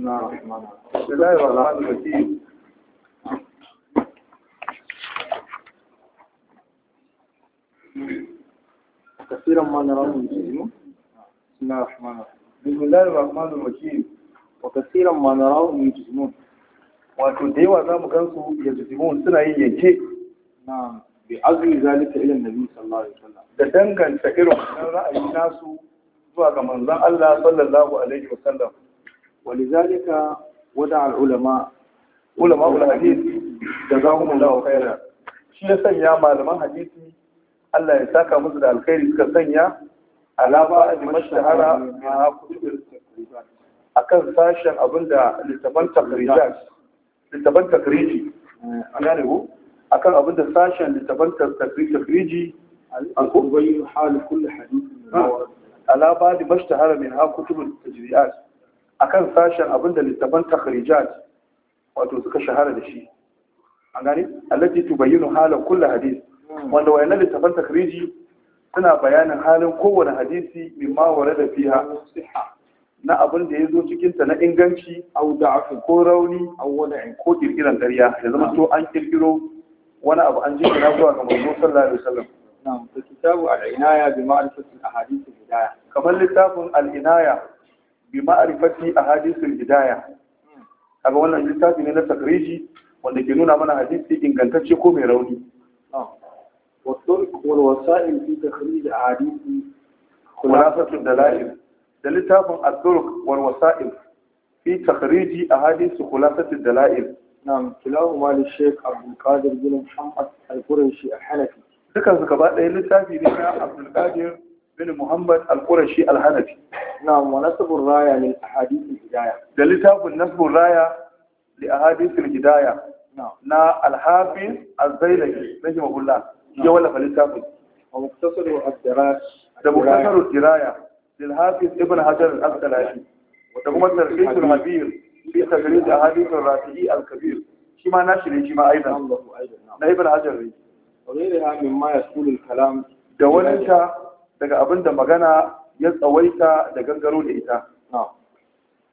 كثيرا ما نراه بسم الله الرحمن الرحيم وكثيرا ما نراه wato da yawa za mu gansu ya zuzimun suna yin yanke na bi da danganta irin wannan ra'ayi nasu zuwa ga manzon Allah sallallahu ولذلك ودع العلماء علماء الحديث جزاهم الله خيرا shi ya sanya malaman hadisi Allah ya saka musu da alkhairi suka sanya alama a mashahara a kutubin a kan sashen abinda littafan takrijat littafan takriji gane ku a abinda sashen littafan takriji an kubayin halin kulle hadisi alama da mashahara min ha kutubin tajri'at akan sashen abinda littafan takhrijat wato suka shahara da shi an gane allati tubayyinu halan kulli hadith wanda wayannan littafan takhriji suna bayanin halin kowane hadisi mimma warada fiha sihha na abin da ya zo cikinta na inganci au da'afu ko rauni au wada'in ko kirkiran ƙarya ya zama to an kirkiro wani abu an jira zuwa ga manzo sallallahu alaihi wasallam na'am to kitabu al-inaya bi ma'rifati al-ahadith al-hidayah kamar littafin al-inaya bi ma'arifati a hadisul A kaga wannan littafi ne na takriji wanda ke nuna mana hadisi ingantacce ko mai rauni ah. wasan wasa'il fi takriji a hadisi khulasatu dalail da littafin az-zurq wal wasa'il fi takriji a hadisi khulasatu dalail na'am kilahu ma li shaykh abdul qadir bin muhammad al-qurashi al-hanafi dukan su gaba ɗaya littafi ne na abdul qadir bin muhammad al-qurashi al-hanafi نعم ونسب الراية للأحاديث الهداية دلتاب النسب الراية لأحاديث الهداية نعم نا الحافظ نجم أقول الله يولى فلتاب ومقتصر الدراج ده مقتصر الدراية للحافظ ابن حجر الثلاثي وتقوم ترخيص الهبير في تخريج أحاديث الراتعي الكبير شما ناشر شما أيضا الله نعم ابن حجر وغيرها مما يسول الكلام دولتا daga أبن دمغانا ya tsawaita da gangaro da ita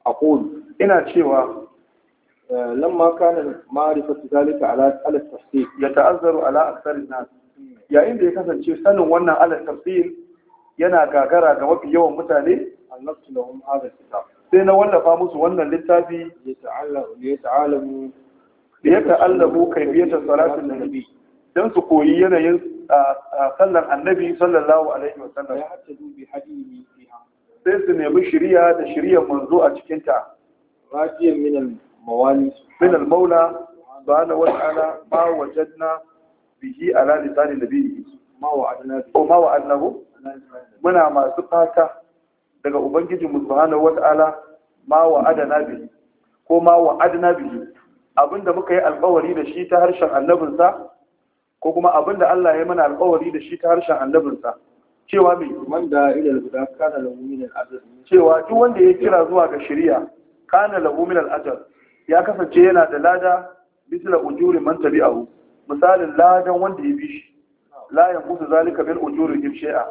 a ƙoli ina cewa eh, lamma kana marifar zalika ala ala tafsir ya ta'azzaru ala aksarin nas yayin da ya kasance sanin wannan ala tafsir yana gagara ga mafi yawan mutane annabtu lahum hadha kitab sai na wallafa musu wannan littafi ya ta'allamu ya ta'allamu da ya ta'allamu kayfiyatus salatin nabi dan su koyi yanayin sallar annabi sallallahu alaihi wasallam ya sai su nemi shiriya da shiryar manzo a cikin ta rajiyan min al mawali min al maula subhanahu wa ta'ala ma wajadna bihi da lisan nabiyyi ma wa bihi ma muna masu fata daga ubangijinmu subhanahu wa ta'ala ma wa'adana bihi ko ma wa'adna bihi abinda muka yi alƙawari da shi ta harshen annabinsa ko kuma abin da Allah ya mana alƙawari da shi ta harshen annabinsa cewa mai man da ila al-huda kana lahu min al-ajr cewa duk wanda ya kira zuwa ga shari'a kana lahu min al-ajr ya kasance yana da lada bisla ujuri man tabi'ahu misalin ladan wanda ya bi shi la yanqusu zalika bil ujuri him shay'a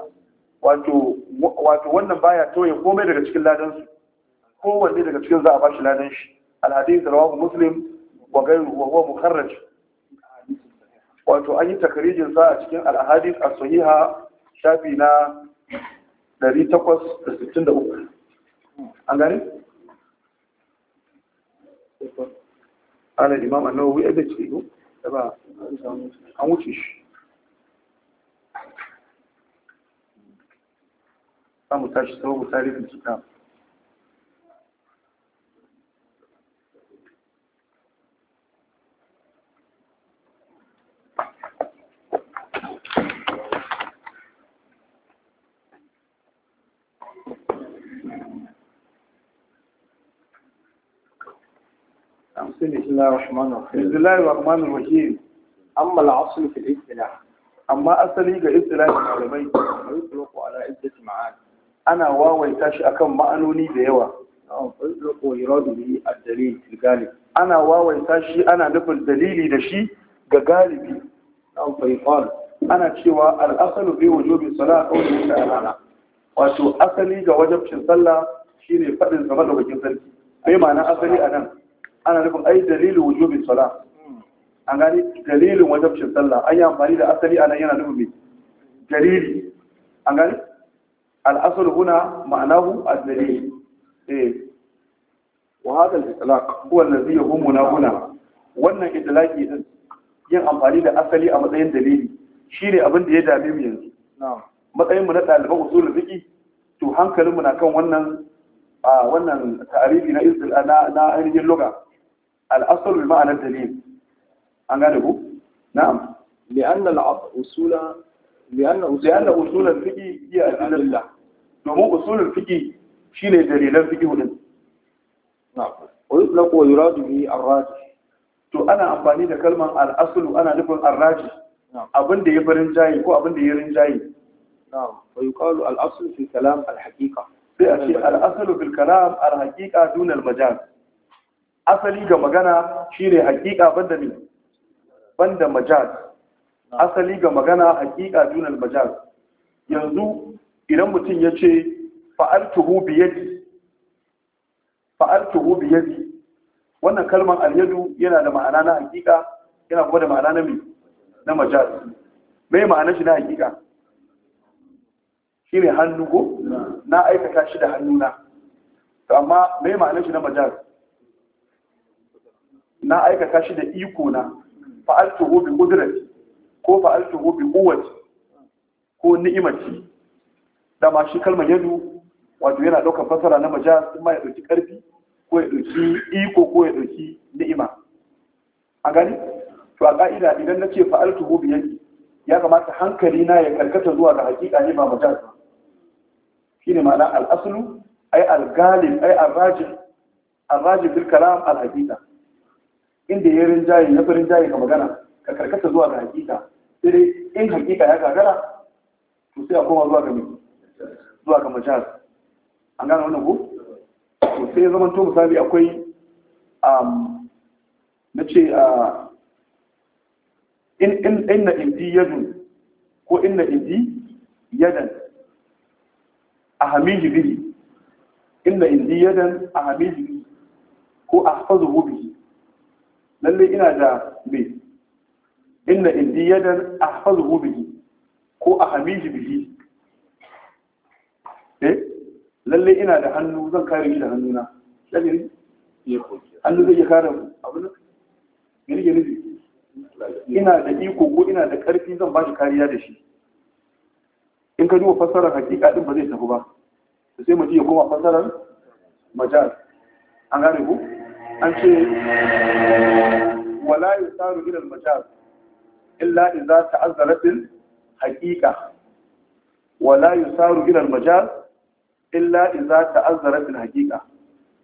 wato wato wannan baya toye komai daga cikin ladan su kowanne daga cikin za a bashi ladan shi al-hadith rawahu muslim wa ghayruhu wa huwa mukharraj wato an yi takarijin sa a cikin al'ahadis a sahiha shafi na 863 an gani? ana imam da ce da ba an wuce shi samu tashi sau بسم الله الرحمن الرحيم بسم الله الرحمن الرحيم أما العصر في الاصطلاح أما أصلي كاصطلاح العلماء يطلق على عدة معاني أنا واوي تاشي أكم مأنوني ديوا فيطلق ويراد به الدليل الغالب أنا واوي تاشي أنا نفل دليلي دشي غالبي أو فيقال أنا تشيوا الأصل في وجوب الصلاة قوله تعالى wato asali ga wajabcin sallah shine faɗin game da bakin sarki bai ma'ana asali a nan ana nufin ai dalilin wujubin sala an gani dalilin wajabcin sallah an yi amfani da asali a nan yana nufin mai dalili an gani al'asar huna ma'anahu a dalili eh wa hadal itlaq huwa allazi yahumuna huna wannan itlaqi din yin amfani da asali a matsayin dalili shine abin da ya dame mu yanzu matsayin mu na ɗaliban usulul fiqi to hankalinmu na kan wannan a wannan ta'arifi na istil na ainihin lugha al'asalu ma'anar dalil an gane ku na'am li'anna al'usula li'anna usula usula fiqi hiya al-adilla domin usulul fiqi dalilan fiqi din na'am wa yutlaqu wa yuradu bihi ar to ana amfani da kalmar al'asulu ana nufin ar-rajih abin da ya farin jayi ko abin da ya rin jayi na'am wa yuqalu fi kalam al-haqiqa sai a ce al-aslu kalam al-haqiqa asali ga magana shine hakika banda ne banda majaz asali ga magana hakika dunal majaz yanzu idan mutum ya ce fa'altuhu biyadi fa'altuhu biyadi wannan kalmar alyadu yana da ma'ana na hakika yana kuma da ma'ana na mai na majaz mai ma'ana shi na hakika shi ne hannu ko na aikata shi da hannuna amma mai ma'ana shi na majaz na aikata shi da iko na fa'altuhu bi qudrati ko fa'altuhu bi quwwati ko ni'imati da ma shi kalmar yadu wato yana ɗaukar fasara na sun ma ya ɗauki ƙarfi, ko ya ɗauki iko ko ya ɗauki ni'ima a gani to a ƙa'ida idan na ce fa'altuhu bi yadi ya kamata hankali na ya karkata zuwa ga haƙiƙa ne ba majaz ba ne ma'ana al'asulu ai ay al-ghalib ay ar-rajih al inda ya rinjaye na fi jaye ka magana ka karkata zuwa ga hakika sai dai in hakika ya gagara to sai a koma zuwa ga zuwa ga majaz an gane wannan ko to sai ya zama to misali akwai um na ce a uh, in in inna indi yadun ko inna indi yadan ahamihi bihi inna indi yadan bihi ko ahfazuhu bihi lalle ina da mai inna indi yadan ahfazuhu bihi ko ahmiji bihi eh lalle ina da hannu zan kare shi da hannuna lalle hannu zai kare mu, abu ne ne ne ina da iko ko ina da karfi zan ba shi kariya da shi in ka duba fassarar hakika din ba zai tafi ba sai mutum ya koma fassarar majal an gane ku an ce wala yusaru ila Majal, illa idza ta'azzarat al-haqiqa wala yusaru ila al-majaz illa idza ta'azzarat al-haqiqa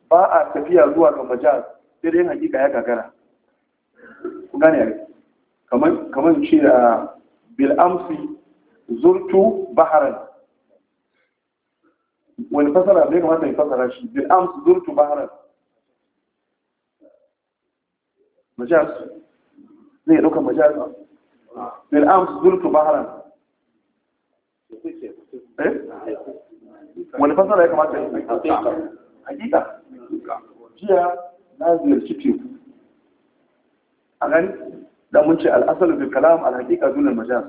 ba a tafiya zuwa ga Majal, sai dai ya gagara ku gane ne kaman ce da ah, bil'amsi zurtu baharan wani fasara bai kamata ya fasara shi Bil'amsi zurtu baharan majas zai ɗauka majas bil am zultu baharan eh wani fasara ya kamata ya hakika jiya na ziyarci teku a gani da mun ce al'asalu bil kalam al hakika dunan majas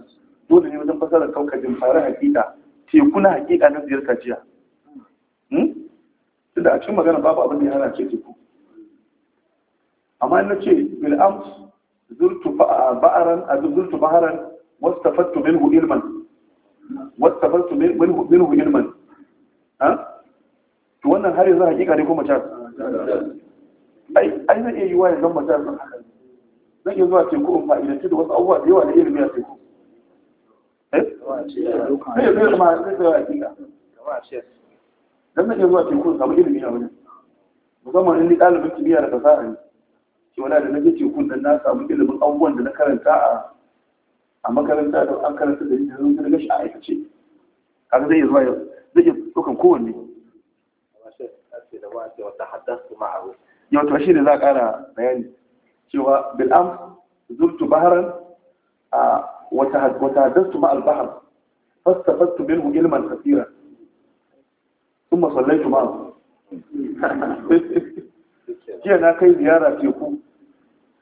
dole ne wajen fasara jin fara haƙiƙa. teku na haƙiƙa na ziyarta jiya tunda a cikin magana babu abin da ya hana ce teku amma na ce bil ams zurtu ah, ba'aran ah, zurtu baharan wastafattu minhu ilman wastafattu minhu minhu ilman ha to wannan har yanzu hakika ne kuma mace ai ai zai iya yiwa yanzu mace zan iya zuwa teku in fa'idanci da wasu abubuwa da yawa na ilimi a teku eh zai zai iya zuwa teku in samu ilimi a wajen musamman in ni ɗalibin kimiyya da fasaha ne ke wala da na je tekun nan na samu ilimin abubuwan da na karanta a a makaranta da an karanta da yanzu da gashi a aikace kaga zai zuwa yau. zai iya dukan kowanne yau to shi ne za a kara bayani cewa bil'am zurtu baharan a وتحدثت مع البحر فاستفدت منه علما كثيرا ثم صليت معه jiya na kai ziyara teku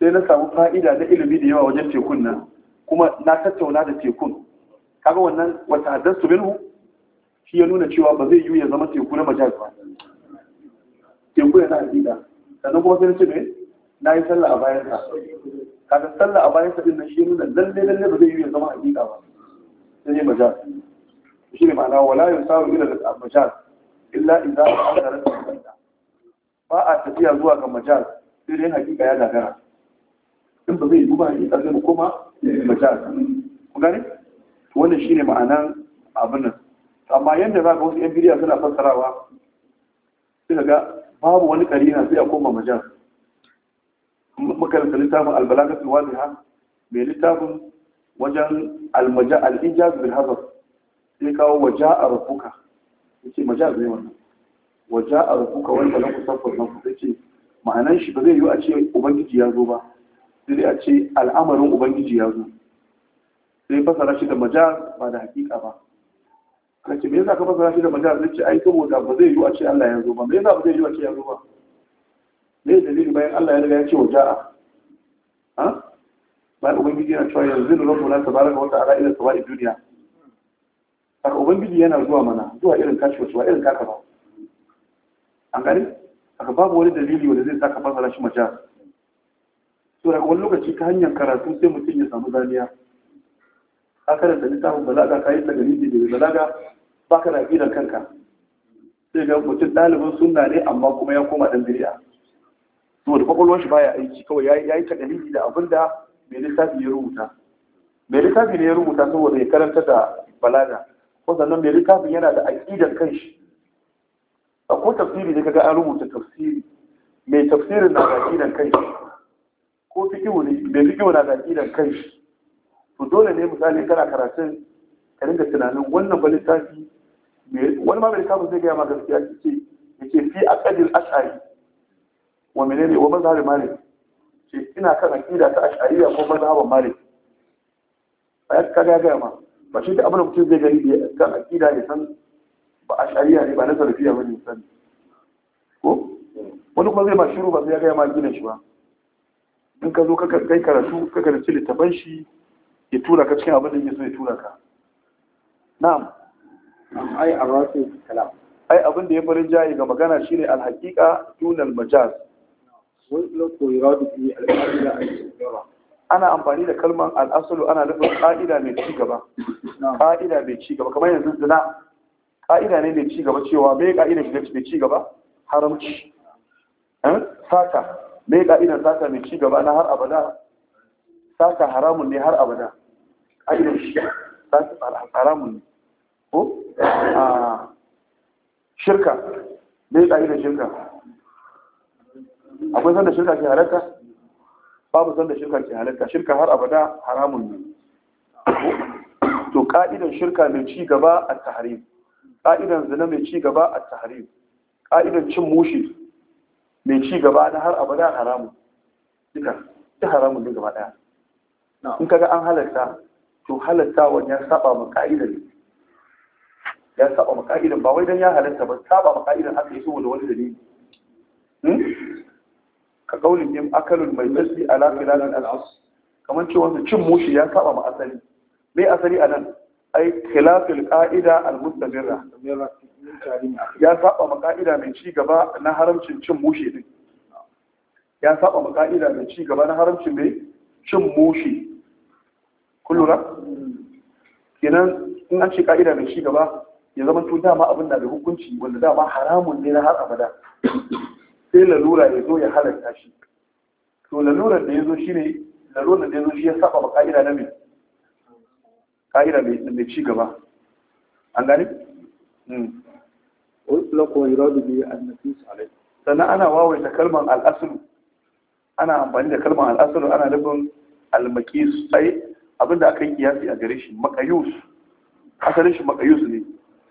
sai na samu fa'ida na ilimi da yawa wajen tekun nan kuma na tattauna da tekun kaga wannan wata su minhu shi ya nuna cewa ba zai yiwu ya zama teku na majaz ba teku yana hadida sannan kuma sai na ce me na yi sallah a bayan sa kaga sallah a bayan sa din nan shi ya nuna lalle lalle ba zai yiwu ya zama hadida ba sai ne majaz shi ne ma'ana wala yusaru ila da majaz illa idza hadara ba a tafiya zuwa ga majaz sai dai hakika ya dagara in ba zai yi ya yi koma kuma majal ku gane wannan shine ma'anan abin nan amma yadda za ka wasu yan biriya suna fassarawa sai ga babu wani karina sai a koma majal makarantar littafin wani ha mai littafin wajen almaja al'ija su bil hazar sai kawo waja'a rabbuka yace majaz ne wannan rafuka wani wanda lam kusaffar nan ce ma'anan shi ba zai yi a ce ubangiji ya zo ba sai a ce al'amarin ubangiji ya zo sai fasara shi da majaz ba da hakika ba kan ce me yasa ka fasara shi da majaz zai ce ai saboda ba zai yiwu a ce Allah ya zo ba me yasa ba zai yiwu a ce ya zo ba me dalili bayan Allah ya riga ya ce wa ja'a ha bayan ubangiji yana cewa yanzu da rabbuna tabaraka wa ta'ala ila sawa'i duniya har ubangiji yana zuwa mana zuwa irin kashi wasu ba irin kaka ba an gani aka babu wani dalili wanda zai saka fasara shi majaz so da wani lokaci ta hanyar karatu sai mutum ya samu zaniya ka karanta littafin balaga ka yi tagari da balaga ba ka da gidan kanka sai ga mutum ɗalibin sunna ne amma kuma ya koma ɗan biri'a to da kwakwalwar shi baya aiki kawai ya yi tsagani da abin da mai littafi ya rubuta mai littafi ne ya rubuta saboda ya karanta da balaga ko sannan mai littafin yana da aƙidar kanshi a ko tafsiri ne kaga an rubuta tafsiri mai tafsirin na da aƙidar kanshi ko fikihu ne da fikihu na da idan kai to dole ne misali kana karatun ka dinga tunanin wannan ba littafi wani ma bai kafin zai gaya ma gaskiya ki ce ya ce fi kadin ash'ari wa menene wa mazhar malik ce ina kan aqida ta ash'ariya ko mazhaban malik a yaka ga gaya ma ba shi da abin mutum zai gani da kan aqida ya san ba ash'ariya ne ba na salafiya bane san ko wani kuma zai ma shiru ba sai ya gaya ma gina shi ba in ka zo kai karatu ka karanci littafan shi ya tura ka cikin abin da yake so ya tura ka na'am ai arrasu kalam ai abin da ya farin jayi ga magana shine alhaqiqa dunal majaz ana amfani da kalmar al'asalu ana nufin ƙa'ida mai ci gaba ƙa'ida mai ci gaba kamar yanzu zina ƙa'ida ne mai ci gaba cewa mai ka'ida shi mai ci gaba haramci eh? sata me ka'idar saka mai ci gaba na har abada sata haramun ne har abada ka'idar shi sata haramun ne ko a ah, shirka me ka'idar shirka akwai sanda shirka ke halarta, babu sanda shirka ke halarta. shirka har abada haramun ne to ka'idar shirka mai ci gaba a tahari ka'idar zina mai ci gaba a tahari ka'idar cin mushi mai ci gaba na har abada haramun duka ta haramu ne gaba daya in kaga an halarta to halartawan ya saba ma ka'idar ya saba ma ba wai don ya halarta ba saba ma haka yaso da wani dalili hmm? ka kaulin yin akalun mai tasbi a filalin al'as kamar cewa su cin mushi ya saba ma asali mai asali anan ai khilafil qa'ida al-mustamirra ya saba ma ka'ida mai ci gaba na haramcin cin mushe din ya saba ma ka'ida mai ci gaba na haramcin mai cin mushe kullura kenan in an ce ka'ida mai ci gaba ya zama tun dama abin da da hukunci wanda dama haramun ne na har abada sai lalura ya zo ya halarta shi to lalurar da ya zo shi ne lalurar da ya zo shi ya saba ma ka'ida na mai ka'ida mai ci gaba an gani? Hmm. ويطلق ويراد به النفيس عليه sannan ana wawaita تكلم عن ana amfani da تكلم عن ana nufin لبن المكيس أي abinda aka yi kiyasi a gare shi maqayus asalin shi maqayus ne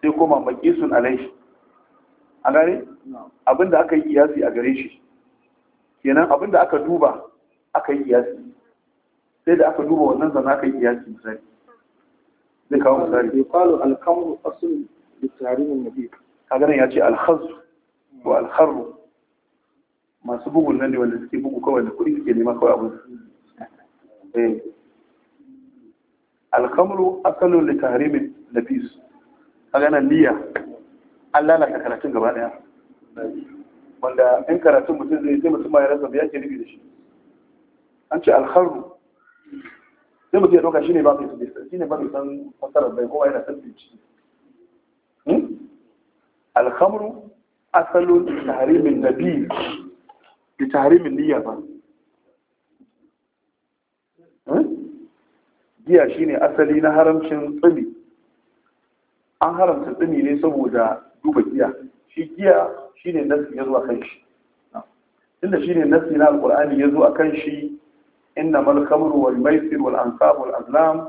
sai alaihi a abinda aka yi kiyasi a gare shi kenan abinda aka duba aka yi kiyasi sai da aka duba wannan zan aka yi kiyasi misali kawo misali qalu al-kamru aslun da tarihin nabi kaganan ya ce alhazu wa alharu masu bugun nan ne wanda suke bugu kawai da kuɗi suke nema kawai abin eh. alhamru asalin da tahrimin nafis kaganan niyya an lalata karatun gaba daya. wanda in karatun mutum zai sai mutum ma ya rasa biya ke nufi da shi an ce alharu sai mutum ya doka shi ne ba mai shi ne ba mai san masarar bai kowa yana san bincike الخمر أصل لتحريم النبي لتحريم النية ها؟ دي أشيني أصلين هرمشن طمي أن هرمشن طمي نسبو دا دوبة ديا شي ديا شيني الناس يزوى خيش نعم. إلا شيني الناس من القرآن يزوى كنشي إنما الخمر والميسر والأنصاب والأظلام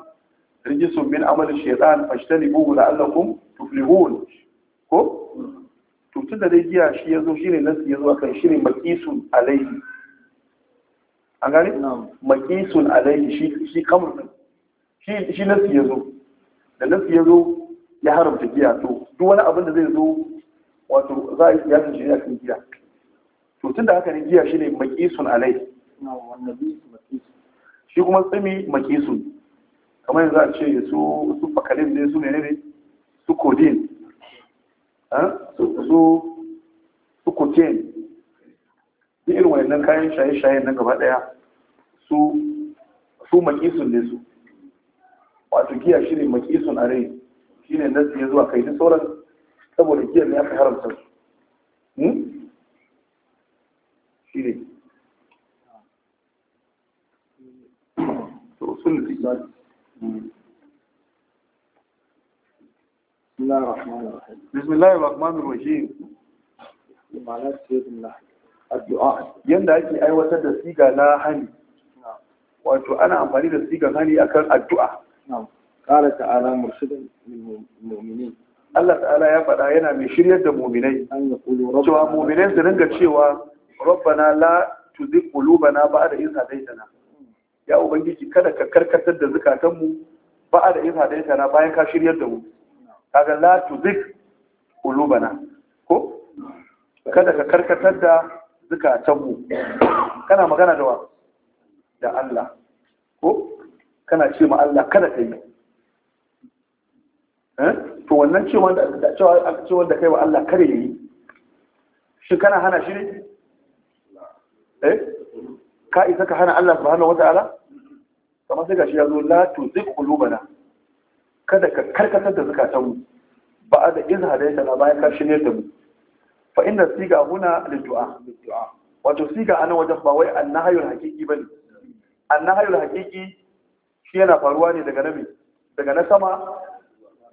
رجس من عمل الشيطان فاشتنبوه لعلكم تفلغون كو؟ tutu da dai giya shi ya zo shi ne nasu ya zo a kan shi ne makisun alaihi an gani makisun alaihi shi kamar shi nasu ya zo da nasu ya zo ya haramta giya to duk wani abin da zai zo wato za a yi siyasin shi ne a kan giya to tun da haka ne giya shi ne makisun alaihi shi kuma tsimi makisun kamar yanzu a ce su fakalin ne su ne ne su kodin Eh? su su cocaine duk irin wayannan kayan shaye-shaye nan gaba daya su su makisun ne su wato giya shi ne makisun a rai shi ne nasu ya zuwa kai duk sauran saboda giyar ne aka haramta su hmm? shi ne to sun fi بسم الله الرحمن الرحيم بسم الله الرحمن الرحيم ake aiwatar da siga na hani wato ana amfani da sigan hani akan addu'a Allah ta'ala ya faɗa yana mai shiryar da muminai cewa muminai su ringa cewa rabbana la tuzigh qulubana ba'da idh hadaytana ya ubangiji kada ka karkatar da zukatanmu ba'da idh hadaytana bayan ka shiryar da mu kaga la tuzik qulubana ko kada ka karkatar da zukatanmu kana magana da wa da Allah ko kana ce ma Allah kada ka yi eh? to wannan cewa da cewa cewa da kai wa Allah kada yi shi kana hana shi ne eh ka isa ka hana Allah subhanahu wataala kamar sai shi yazo la tuzik qulubana kada ka karkatar da zukatanmu ba a da iz da na bayan karshe ne da mu fa inna siga huna liddu'a wato siga anan wajen ba wai annahayul haqiqi bane annahayul haqiqi shi yana faruwa ne daga nabi daga na sama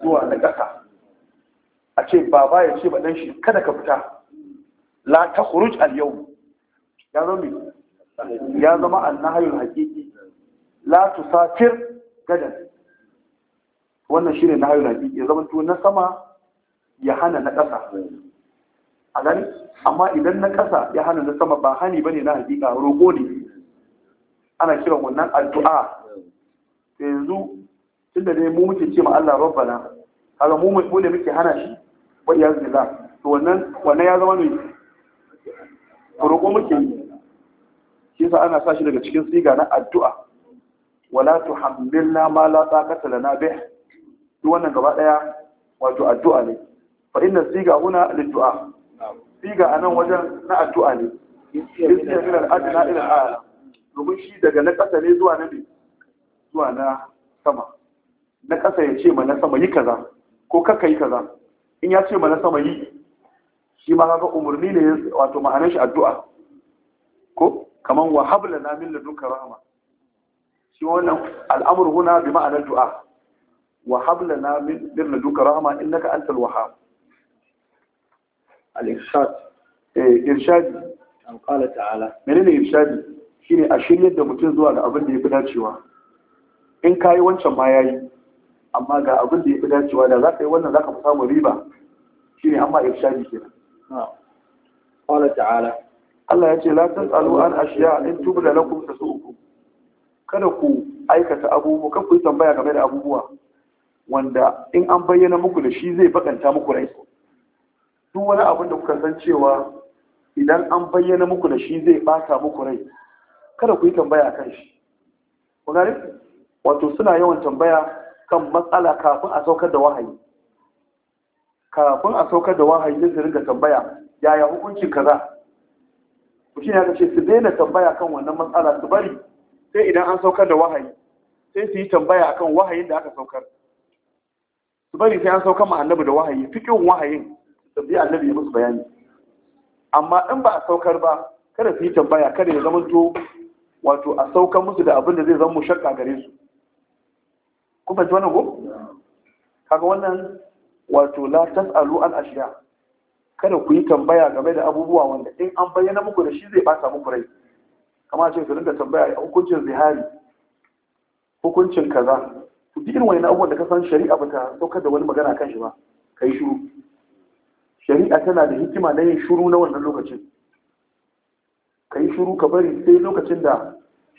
zuwa na ƙasa a ce baba ya ce ba dan shi kada ka fita la takhruj al yawm ya zama ya zama annahayul haqiqi la tusafir gadan wannan shine na hayu rafi ya zama na sama ya hana na ƙasa a gani amma idan na ƙasa ya hana na sama ba hani bane na hakika roƙo ne ana kiran wannan addu'a yanzu tunda dai mu muke ce ma Allah rabbana kaga mu mu da muke hana shi wa iyaz billah to wannan wannan ya zama ne roƙo muke yi shi yasa ana sa shi daga cikin siga na addu'a wala tuhammilna ma la taqata lana bih duk wannan gaba daya wato addu'a ne fa inna siga huna liddu'a siga anan wajen na addu'a ne isiya min al-adna ila al-a'la domin shi daga na ƙasa ne zuwa na zuwa na sama na ƙasa ya ce ma na sama yi kaza ko kaka yi kaza in ya ce ma na sama yi shi ma kaga umarni ne wato ma'anar shi addu'a ko kaman wa habla na min laduka rahma shi wannan al'amur huna bi ma'anar du'a wa hablana min lirnaduka na innaka antal wahhab al-irshad eh irshadi an qala ta'ala irshadi shine a shiryar da mutum zuwa ga abin da fi dacewa in yi wancan ma ya yi, amma ga abin da ya fi dacewa da za ka yi wannan za ka samu samun riba shine amma irshadi nan. qala ta'ala Allah ya ce la tsaluwar an ashiya in tubda lakum uku" kada ku aikata abubuwa kan ku yi tambaya game da abubuwa wanda in an bayyana muku da shi zai bakanta muku rai duk wani abin da kuka san cewa idan an bayyana muku da shi zai bata muku rai kada ku yi tambaya kan shi ku gane wato suna yawan tambaya kan matsala kafin a saukar da wahayi kafin a saukar da wahayi ne su ringa tambaya yaya hukuncin kaza ku shi ne aka ce su daina tambaya kan wannan matsala su bari sai idan an saukar da wahayi sai su yi tambaya akan wahayin da aka saukar su bari sai an sauka ma annabi da wahayi fikin wahayin da bi annabi ya musu bayani amma in ba a saukar ba kada su yi tambaya kada ya to wato a saukar musu da abin da zai zama shakka gare su kun fahimci wannan ko kaga wannan wato la tasalu an ashiya kada ku yi tambaya game da abubuwa wanda in an bayyana muku da shi zai ba muku rai kamar ce su dinga tambaya a hukuncin zihari hukuncin kaza duk irin wani abubuwan da ka san shari'a ba ta saukar da wani magana kan shi ba ka yi shuru shari'a tana da hikima na yin shuru na wannan lokacin ka yi shuru ka bari sai lokacin da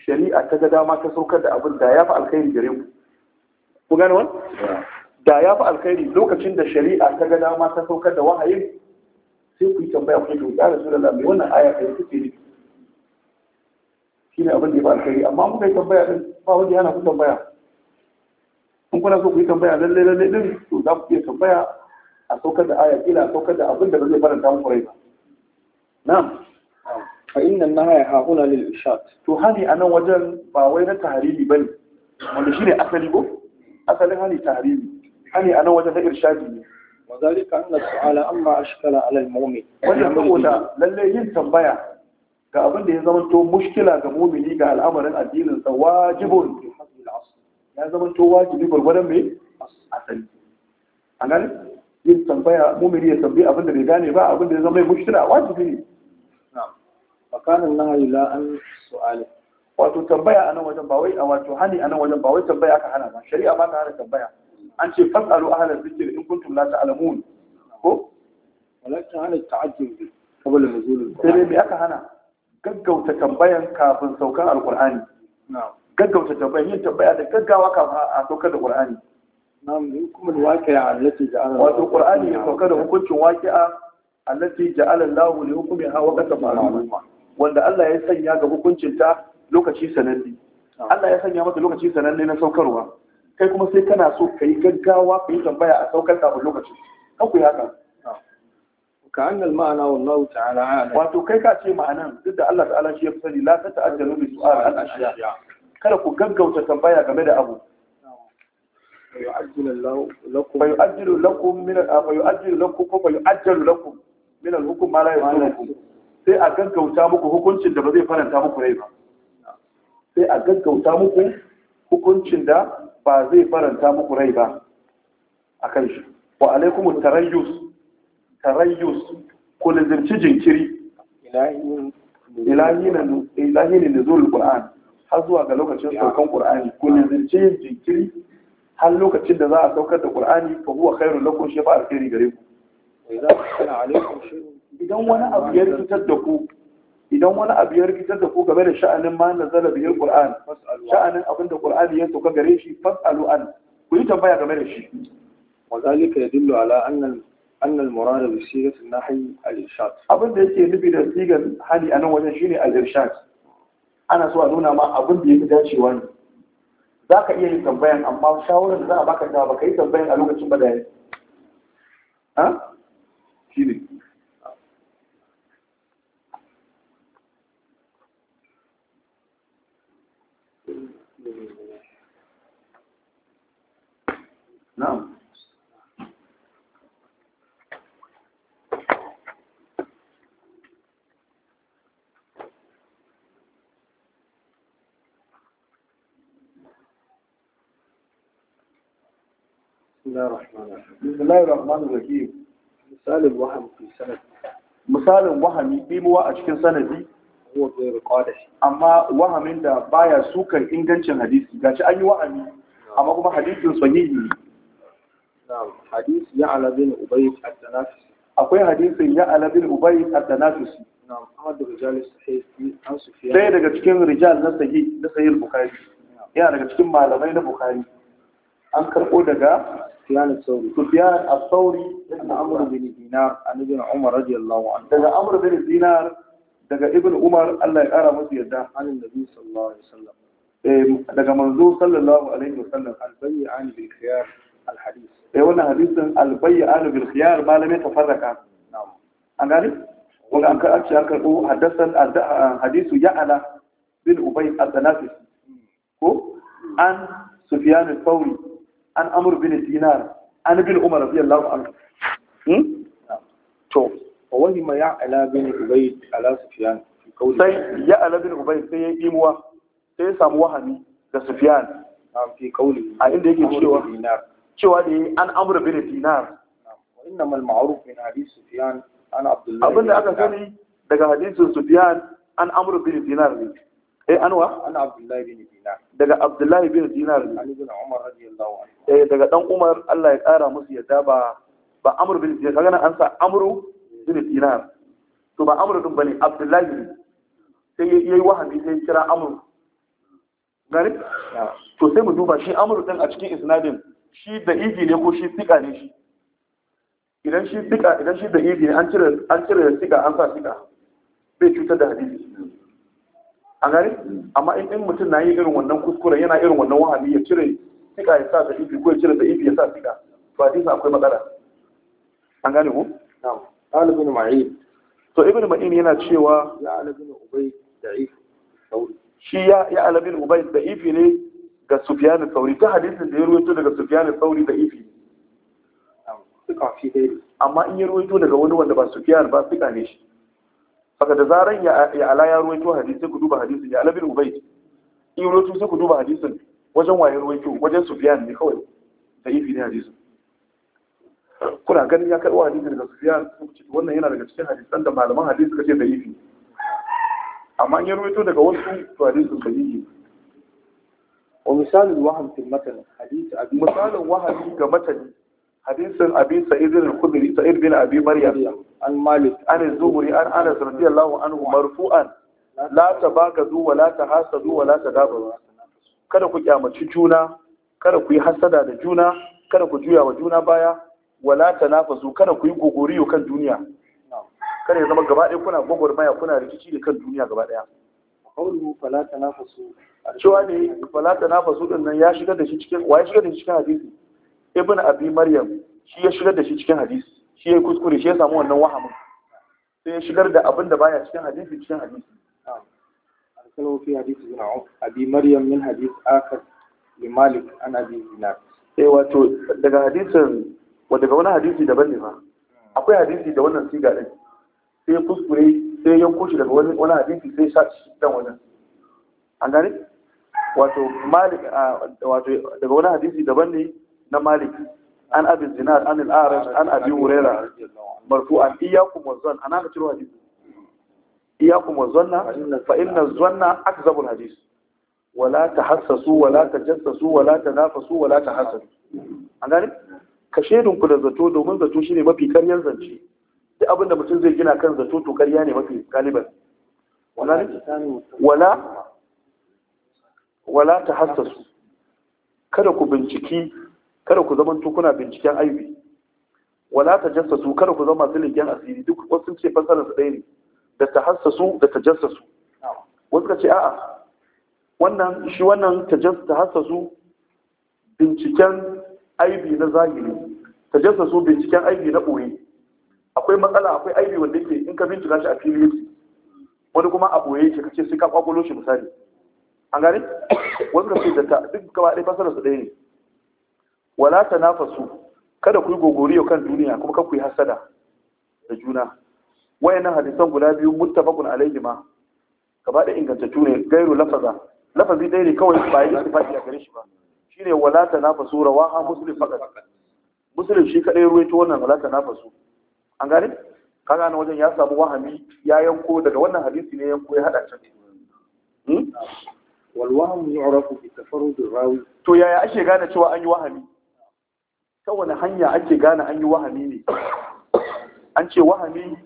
shari'a ta ga dama ta saukar da abin da ya fi alkhairi gare mu ku gane wani da ya fi alkhairi lokacin da shari'a ta ga dama ta saukar da wahayin sai ku yi tambaya ku yi da su da lamai wannan aya ka yi kuke ne shi ne abin da ya fi alkhairi amma muka yi tambaya din ba wanda yana ku tambaya in kuna so ku yi tambaya lalle lalle din to za ku iya tambaya a saukar da aya kila a saukar da abin da ba zai faranta muku rai ba na'am fa inna nahaya ha huna lil ishat to hani anan wajen ba wai na tahrimi bane wanda shine asali ko asalin hani tahrimi hani anan wajen na irshadi ne وذلك أن amma أما أشكل على المؤمن wannan saboda lalle yin tambaya ga abin da ya zama to mushkila ga mumini ga al'amarin addinin sa wajibun ya zama to wajibi gwargwadon mai asali a nan yin tambaya mumini ya tambayi abin da bai gane ba abin da ya zama mai mushtira wajibi ne makanin na la an su'ali wato tambaya a nan wajen ba wai a wato hani a nan wajen ba wai tambaya aka hana ba shari'a ba ta hana tambaya an ce fasalu ahlan zikr in kuntum la ta'lamun ko walakin hana ta'ajjub qabla nuzul sai me aka hana gaggauta tambayan kafin saukan alqur'ani na'am gaggauta tambaya yin tambaya da gaggawa kafin a saukar da qur'ani na'am hukumul waqi'a allati ja'ala wato qur'ani ya sauka da hukuncin waqi'a allati ja'ala Allahu li hukmiha waqta ma'luma wanda Allah ya sanya ga hukuncin ta lokaci sananne Allah ya sanya maka lokaci sananne na saukarwa kai kuma sai kana so ka yi gaggawa ka yi tambaya a saukar kafin lokaci kan ku yi haka ka annal ma'ana wallahu ta'ala wato kai ka ce ma'anan duk da Allah ta'ala shi ya fi sani la ta ta'ajjalu bi al kada ku gaggauta tambaya game da abu fayu'ajjilu lakum min bayu ah, fayuajjilu lakum ko fayu'ajjalu lakum min al hukun ma la yusurukum sai a gaggauta muku hukuncin da ba zai faranta muku rai ba sai a gaggauta muku hukuncin da ba zai faranta muku rai ba akan shi wa alaikum tarayyus tarayyus ku lazimci jinkiri ilahi ilahi ne zuwa qur'an har zuwa ga lokacin saukan qur'ani ku lizinci yin jinkiri har lokacin da za a saukar da qur'ani fa huwa khairul lakum shi ba alkhairi gare ku idan wani abu ya rikitar da ku idan wani abu ya rikitar da ku game da sha'anin ma nazala bihil qur'an sha'anin abin da qur'ani ya sauka gare shi fasalu an ku yi tambaya game da shi wa zalika yadullu ala anna أن المراد Abin da yake nufi da نبي لصيغة هذه أنا وجه شيني الإرشاد. ana so a nuna ma abin da ya fi dacewa ne za ka iya yin tambayan amma shawarar da za a baka ta baka yi tambayan a lokacin ba da ya yi. shi ne Bismillahir Rahmanir Rahim. Misalin waham fi sanad. Misalin wahami dimuwa a cikin sanadi Amma wahamin da baya sukan ingancin hadisi gaci an yi wahami amma kuma hadisin sahihi ne. Na'am, hadisi ya ala bin Ubay at-Tanafisi. Akwai hadisin ya ala bin Ubay at-Tanafisi. Na'am, ahadu rijal sahih an Sufyan. Sai daga cikin rijal na sahih na sahih Bukhari. Yana daga cikin malamai na Bukhari. an karɓo daga Sufyan a thawri Sufyan al-Thawri daga Amr bin Dinar an ibn Umar radiyallahu anhu daga bin Dinar daga Ibn Umar Allah ya kara masa yadda halin Nabi sallallahu alaihi wasallam eh, daga manzo sallallahu alaihi wasallam al-bay'an bil khiyar al eh wannan hadisin al-bay'an bil khiyar malamai tafarraka an gani wanda an karɓo an karɓo hadasan ah, ah, hadisu ya'ala bin Ubay al-Tanafi hmm. ko an Sufyan al an amur bin dinar an bin umar radiyallahu anhu hmm? to wani ma ya ala bin ubayd ala sufyan sai ya ala bin ubayd sai ya yi imuwa sai ya samu wahami ga sufyan fi kauli a inda yake cewa cewa da yi an amur bin dinar innama al-ma'ruf min hadith sufyan an abdullah abinda aka sani daga hadisin sufyan an amur bin dinar ne eh anwa ana abdullahi bin dinar daga abdullahi bin dinar an ibn umar radiyallahu anhu eh, daga dan umar Allah ya kara musu yadda ba ba amr bin dinar kaga nan an sa amru bin dinar to ba amr din bane abdullahi ne sai yayi wahabi sai kira amru gari to sai mu duba shi amru din a cikin isnadin shi da iji ne ko shi sika ne shi idan shi sika idan shi da iji ne an cire an cire sika an sa sika bai cutar da hadisi a gari amma in in mutum na yi irin wannan kuskure yana irin wannan wahabi ya cire sika ya sa da ifi ko ya cire da ifi ya sa sika to hadisin akwai matsala an gane ku na'am talibin ma'in to ibn ma'in yana cewa ya ubai ubay da'if sauri shi ya ya ubai ubay da'if ne ga sufyan sauri ta hadisin da ya ruwaito daga sufyan sauri da'if ne amma in ya ruwaito daga wani wanda ba sufyan ba sika ne shi saka da zaran ya ala ya ruwaito hadisi ku duba hadisin ya alabin ubaid in ruwaito sai ku duba hadisin wajen waye ruwaito wajen sufiyan ne kawai da ifi ne hadisin kuna ganin ya karɓo hadisin daga sufiyan ko ce wannan yana daga cikin hadisan da malaman hadisi kace da ifi amma in yi ruwaito daga wasu to hadisin sahihi wa misalin waham fil matan hadisi abi misalin waham ga matan hadisin abi sa'id bin khudri sa'id bin abi maryam an malik an zuhuri an anas an anhu an la tabagadu wa la tahasadu wa la ba kada ku kyamaci juna kada ku yi hasada da juna kada ku juya wa juna baya wala tanafasu kada ku yi gogoriyo kan duniya kada ya zama gaba ɗaya kuna gwagwarmaya kuna rikici da kan duniya gaba ɗaya qawluhu fala tanafasu cewa ne fala tanafasu din nan ya shigar da shi cikin wa ya shigar da shi cikin hadisi ibn abi maryam shi ya shigar da shi cikin hadisi shi ya kuskure shi ya samu wannan wahamin sai ya shigar da abin da baya cikin hadisi cikin hadisi arsalahu fi hadisi bin auf abi maryam min hadis akhar li malik an abi dinar sai eh, wato daga hadisin wanda daga wani hadisi daban ne ba akwai hadisi da wannan siga din sai ya kuskure sai ya kushi daga wani hadisi sai ya shi dan wannan an gane wato malik ah, wato daga wani hadisi daban ne na malik an abi zinar an al'arash an abi marfu an iyyakum wazan ana ka ciro hadisi iyyakum wazanna fa inna zanna akzabul hadis wala tahassasu wala tajassasu wala tanafasu wala tahasadu an gani ka shedun ku da zato domin zato shine mafi karyar zance duk abin da mutum zai gina kan zato to karya ne mafi galiban wala wala tahassasu kada ku binciki kada ku zama kuna binciken aibi wala ta jassasu kada ku zama masu leken asiri duk wasu ce fasarar su ɗaya ne da ta hassasu da ta jassasu wasu ka ce a'a wannan shi wannan ta hassasu binciken aibi na zahiri ta jassasu binciken aibi na ɓoye akwai matsala akwai aibi wanda yake in ka bincika shi a fili yake wani kuma a ɓoye yake ce, sai ka kwakwalo shi misali an gane wasu ka ce da ta duk gaba ɗaya fasarar su ɗaya ne wala nafasu kada ku yi gogoriyo kan duniya kuma kakwai ku yi hasada da juna wayannan hadisan guda biyu muttafaqun alayhi ma gaba da ingantattu ne gairu lafaza lafazi ɗaya ne kawai ba yi istifaki a gare shi ba shine wala rawa rawaha muslim fakat muslim shi kadai ruwaito wannan wala nafasu an gane kaga na wajen ya samu wahami ya yanko daga wannan hadisi ne yanko ya hada can hmm? walwahamu wahm yu'rafu bi tafarrud rawi to yaya ake gane cewa an yi wahami ta wani hanya ake gane an yi wahami ne an ce wahami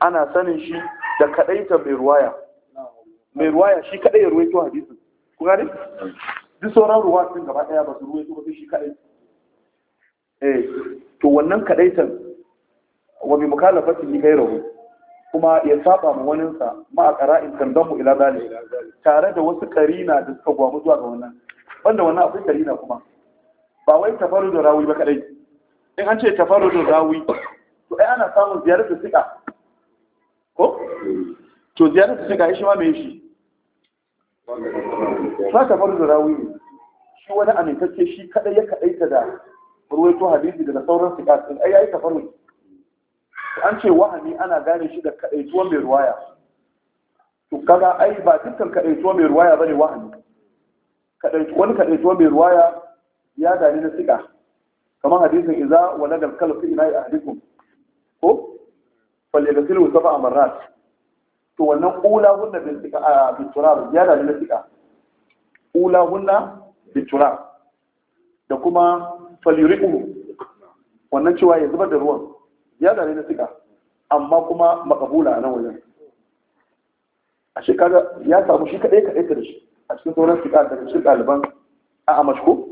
ana sanin shi da kadaita mai ruwaya mai ruwaya shi kadai ya ruwaito hadisin ku gane duk sauran ruwatin gaba daya ba su ruwaito ba shi kadai eh to wannan kadaitan wa bi mukalafatin ni kai gairahu kuma ya saba ma sa ma a qara'in kandamu ila zalik tare da wasu karina da suka gwamu zuwa ga wannan banda wannan akwai karina kuma ba wai da rawi ba kadai in an ce da rawi to ai ana samun ziyarar da suka ko to ziyarar da suka shi ma mai shi ba tafarudin rawi ne shi wani amintacce shi kadai ya ta da ruwai to hadisi da sauran suka sun ai ai tafarud an ce wahani ana gane shi da tuwon mai ruwaya to kaga ai ba dukkan tuwon mai ruwaya bane wahami wani tuwon mai ruwaya ya gani na siga kamar hadisin iza wala kalu fi ina ya ahdikum ko fal wa sab'a amarat to wannan ula hunna bin siga a turab ya gani na siga ula hunna turab da kuma yuriku wannan cewa ya zubar da ruwan ya gani na siga amma kuma makabula na wajen a shekara ya samu shi kaɗai kaɗai da shi a cikin sauran siga da cikin daliban a Amashku?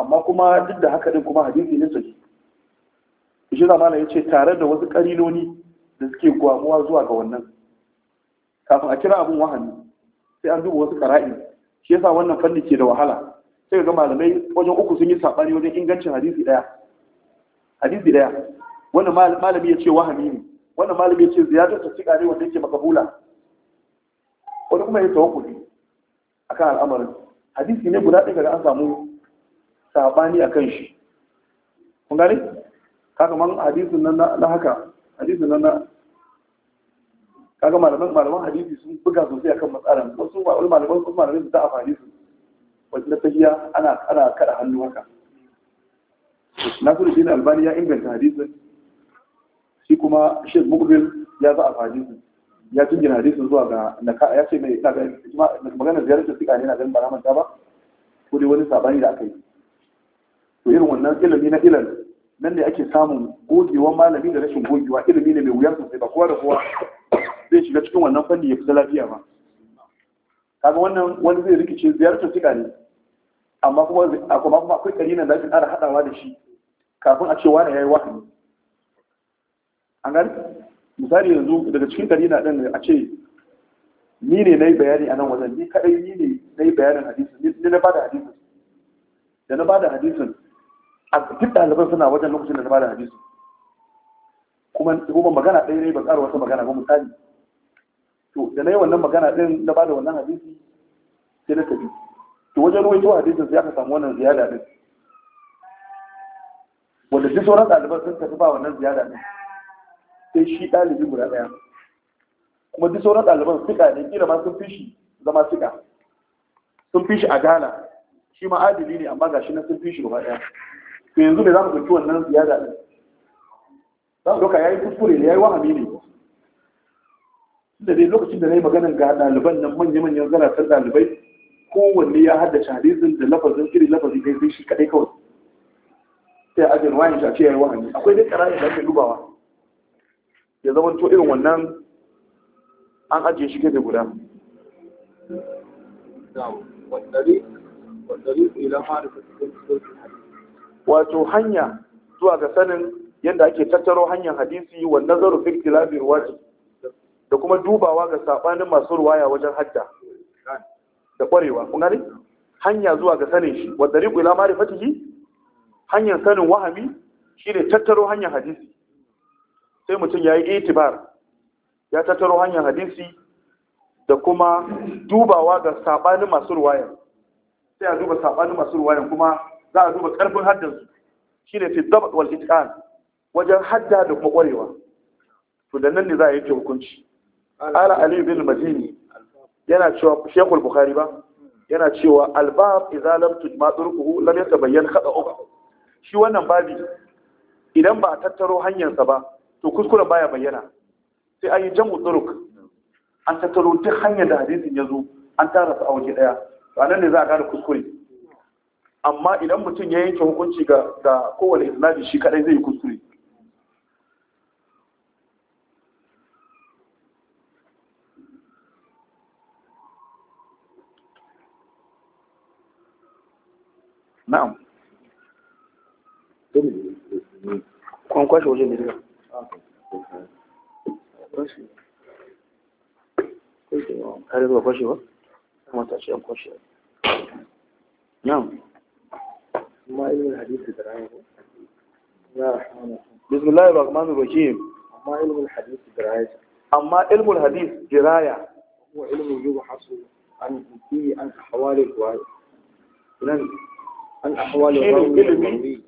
amma kuma duk da haka din kuma hadisi ne sai shi zamana ya ce tare da wasu kariloni da suke gwamuwa zuwa ga wannan kafin a kira abin wahani sai an duba wasu kara'i shi yasa wannan fanni ke da wahala sai ga malamai wajen uku sun yi sabari wajen ingancin hadisi daya hadisi daya wannan malami ya ce wahami ne wannan malami ya ce ziyarar ta tsika ne wanda yake makabula wani kuma ya tawakkuli akan al'amarin hadisi ne guda ɗaya ga an samu sabani a kan shi kun gani kaga man hadisin nan na haka hadisin nan na kaga malaman malaman hadisi sun buga sosai akan matsalan wasu malaman sun malaman su da afa hadisi wasu na tafiya ana ana kada hannu haka Nasiruddin Albani ya inganta hadisin shi kuma Sheikh Mukbil ya za a hadisin ya jingina hadisin zuwa ga naka ya ce mai ina ga magana ziyarar da suka ne na ganin ba manta ba ko dai wani sabani da aka yi to irin wannan ilimi na ilal nan ne ake samun gogewa malami da rashin gogewa ilimi ne mai wuyar sosai ba kowa da kowa zai shiga cikin wannan fanni ya fita lafiya ba kaga wannan wani zai rikice ziyartar siga ne amma kuma akwai kuma akwai karinan da ake ƙara haɗawa da shi kafin a ce wani yayi wahayi an gani misali yanzu daga cikin karina din a ce ni ne na yi bayani a nan wajen ni kaɗai ni ne na yi bayanin hadisin ni na bada hadisin da na bada hadisin a duk ɗaliban suna wajen lokacin da ta bada hadisi kuma magana ɗaya ne ba ƙara wata magana ba misali to da na yi wannan magana ɗin na bada wannan hadisi sai na tafi to wajen ruwaito hadisin sai aka samu wannan ziyada ɗin wanda duk sauran ɗaliban sun tafi ba wannan ziyada ɗin sai shi ɗalibi guda ɗaya kuma duk sauran ɗaliban suka ne kila ma sun fi shi zama suka sun fi shi a gana shi ma adili ne amma ga shi na sun fi shi gaba ɗaya to yanzu me za mu ɗauki wannan ziyada ɗin za mu ɗauka ya yi kuskure ne ya yi wahami ne da dai lokacin da na yi maganan ga ɗaliban nan manya-manyan zaratan ɗalibai kowanne ya haddace hadisin da lafazin iri lafazi kai sai shi kaɗai kawai sai ajin wayan shi ya yi wahami akwai dai ƙara'in da ake dubawa ya zama to irin wannan an ajiye shi da guda والطريق إلى معرفة cikin صوت الحديث wato hanya zuwa ga sanin yadda ake tattaro hanyar hadisi wa nazaru fi tilabi ruwati da kuma dubawa ga sabanin masu ruwaya wajen hadda da kwarewa kun ne? hanya zuwa ga sanin shi wa dariqu ila ma'rifatihi hanyar sanin wahami shine tattaro hanyar hadisi sai mutum yayi itibar ya tattaro hanyar hadisi da kuma dubawa ga sabanin masu ruwaya sai a duba sabanin masu ruwayan kuma za a duba karfin haddansu shi ne fi dabat wal itqan wajen hadda da kuma kwarewa to da nan ne za a yi hukunci ala ali bin madini yana cewa shekul bukhari ba yana cewa albab idza lam tujma turquhu lam yatabayyan uba. shi wannan babi idan ba a tattaro hanyarsa ba to kuskuren baya bayyana sai ayi yi jam'u turuk an tattaro duk hanyar da hadisin ya zo an tarasa su a waje daya to anan ne za a gane kuskure amma idan mutum ya yanke hukunci ga kowane isnadi shi kadai zai yi kuskure na'am kwan kwashe wajen da kwashe kwashe ba kwashe ba kwashe ba kuma ilmin hadisi da rayu bismillahir rahmanir amma ilmin hadisi diraya amma ilmin hadis diraya an fi an ahwali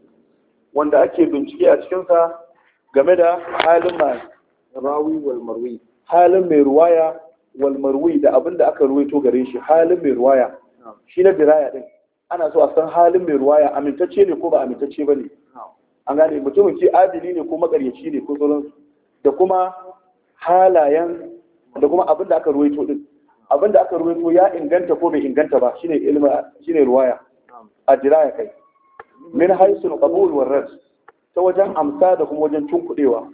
wanda ake bincike a cikinsa game da halin rawi wal marwi halin mai ruwaya wal marwi da abinda aka ruwaito gare shi halin mai ruwaya shi na diraya din ana so a san halin mai ruwaya amintacce ne ko ba amintacce ba ne an gane mutumin ce adili ne ko makaryaci ne ko sauransu da kuma halayen da kuma abin da aka ruwaito din abin da aka ruwaito ya inganta ko bai inganta ba shine ilmi shine ruwaya a jira ya kai min haisul qabul wal rad ta wajen amsa da kuma wajen tunkudewa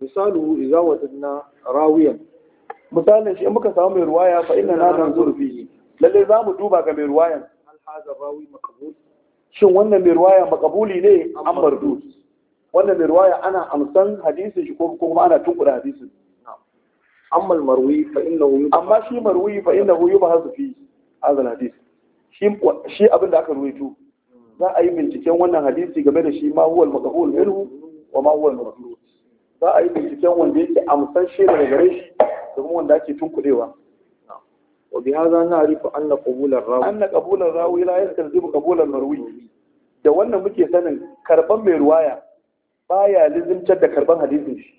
misalu idza wajadna rawiyan misalin shi in muka samu mai ruwaya fa inna na nanzuru fihi lalle za mu duba ga mai ruwayan shin wannan mai ruwaya makabuli ne an bardu wannan mai ruwaya ana amsan hadisin shi ko kuma ana tunkura hadisin amma marwi fa innahu amma shi marwi fa innahu yubhasu fi hadha hadis shi shi abin da aka ruwaito za a yi binciken wannan hadisi game da shi ma al maqbul minhu wa ma al mardud za a yi binciken wanda yake amsan shi daga gare shi da kuma wanda ake tunkudewa وبهذا نعرف أن قبول الراوي أن قبول الراوي لا يستلزم قبول المروي da wannan muke sanin karban mai ruwaya baya lizimtar da karban hadisin shi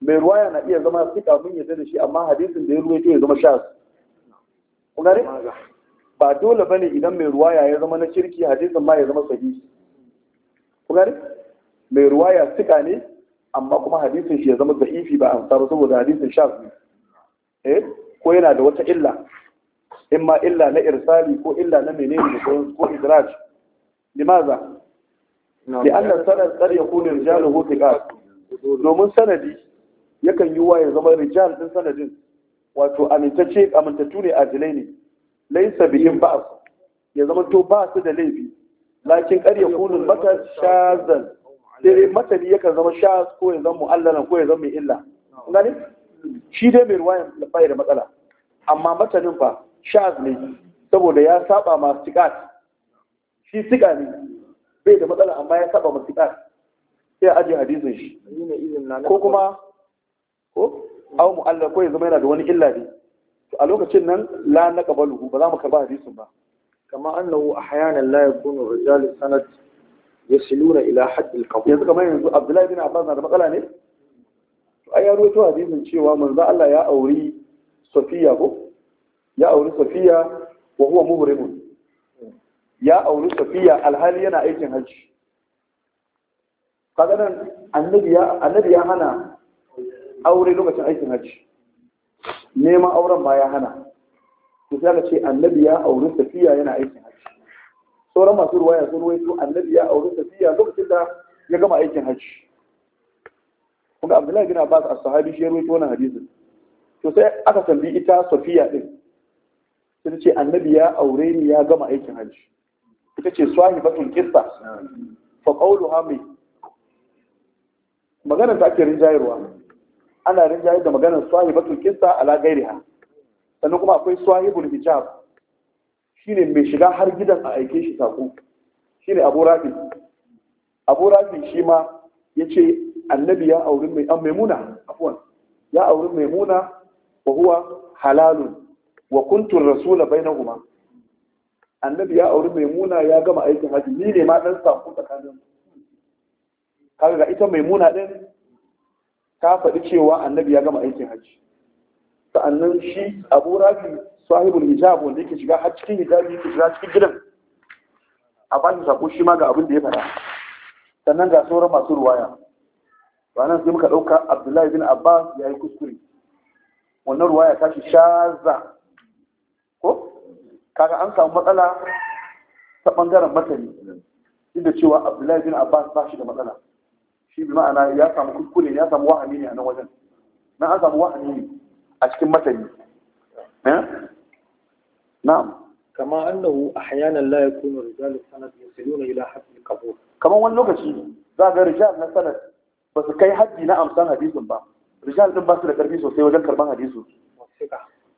mai ruwaya na iya zama sika mun yadda da shi amma hadisin da ya ruwaito ya zama shas kuma ba dole bane idan mai ruwaya ya zama na kirki hadisin ma ya zama sahihi kuma mai ruwaya sika ne amma kuma hadisin shi ya zama sahihi ba an saboda hadisin shas ne eh ko yana da wata illa in ma illa na irsali ko illa na menene da ko idraj limaza li'anna sanad qad yakunu rijaluhu thiqat domin sanadi yakan yi waye ya zama rijal din sanadin wato amintacce amintattu ne adilai ne laysa bihim ba'as ya zama to ba su da laifi lakin qad yakunu mata shazan sai matani yakan zama shaz ko ya zama mu'allalan ko ya zama illa gani shi dai mai ruwayan bai da matsala amma matanin fa shaz ne saboda ya saba ma sikat shi sika ne bai da matsala amma ya saba ma sikat sai ya ajiye hadisin shi ko kuma ko aw mu'allal ko ya zama yana da wani illa ne a lokacin nan la na qabaluhu ba za mu karba hadisin ba kama annahu ahyanan la yakunu rijal sanad yasiluna ila hadd al yanzu kamar yanzu Abdullahi bin Abbas na da matsala ne ai ya rawaito hadisin cewa manzo Allah ya auri Safiya ko ya auri Safiya wa huwa muhrim ya auri Safiya alhali yana aikin hajji kaga nan annabi ya annabi ya hana aure lokacin aikin hajji neman auren ba ya hana to sai ka ce annabi ya auri Safiya yana aikin hajji sauran masu ruwaya sun ruwaito annabi ya auri Safiya lokacin da ya gama aikin hajji kuma abdullahi bin abbas a sahabi shi ya rawaito hadisin to sai aka tambayi ita safiya din sai ce annabi ya aure ni ya gama aikin hajji ita ce batun qissa fa qawluha mai maganar ta ake rinjayarwa ana rinjayar da maganar sahibatul a ala gairiha sannan kuma akwai sahibul hijab shine mai shiga har gidan a aike shi sako shine abu rafi abu rafi shi ma yace annabi ya auri mai an ah, maimuna afwan ya auri maimuna wa huwa halalun wa kuntu rasula bainahuma annabi ya auri maimuna ya gama aikin haji ni ne ma dan sako tsakanin kaga ga ita maimuna din ta faɗi cewa annabi ya gama aikin haji sa'annan shi abu rafi sahibul hijab wanda yake shiga har cikin hijab yake shiga cikin gidan a ba shi sako shi ma ga abin da ya faɗa sannan ga sauran masu ruwaya ranar sai muka ɗauka abdullahi bin abbas ya yi kuskure wannan ruwa ya tashi shaza ko kaga an samu matsala ta ɓangaren matani inda cewa abdullahi bin abbas ba shi da matsala shi bi ma'ana ya samu kuskure ya samu wahani ne a nan wajen na an samu wahani ne a cikin matani eh? na'am kama annahu ahyanan la yakunu rijal sanad yasiluna ila hadd al-qabul kaman wani lokaci za ga rijal na sanad ba su kai haddi na amsan hadisin ba rijal din ba su da karfi sosai wajen karban hadisu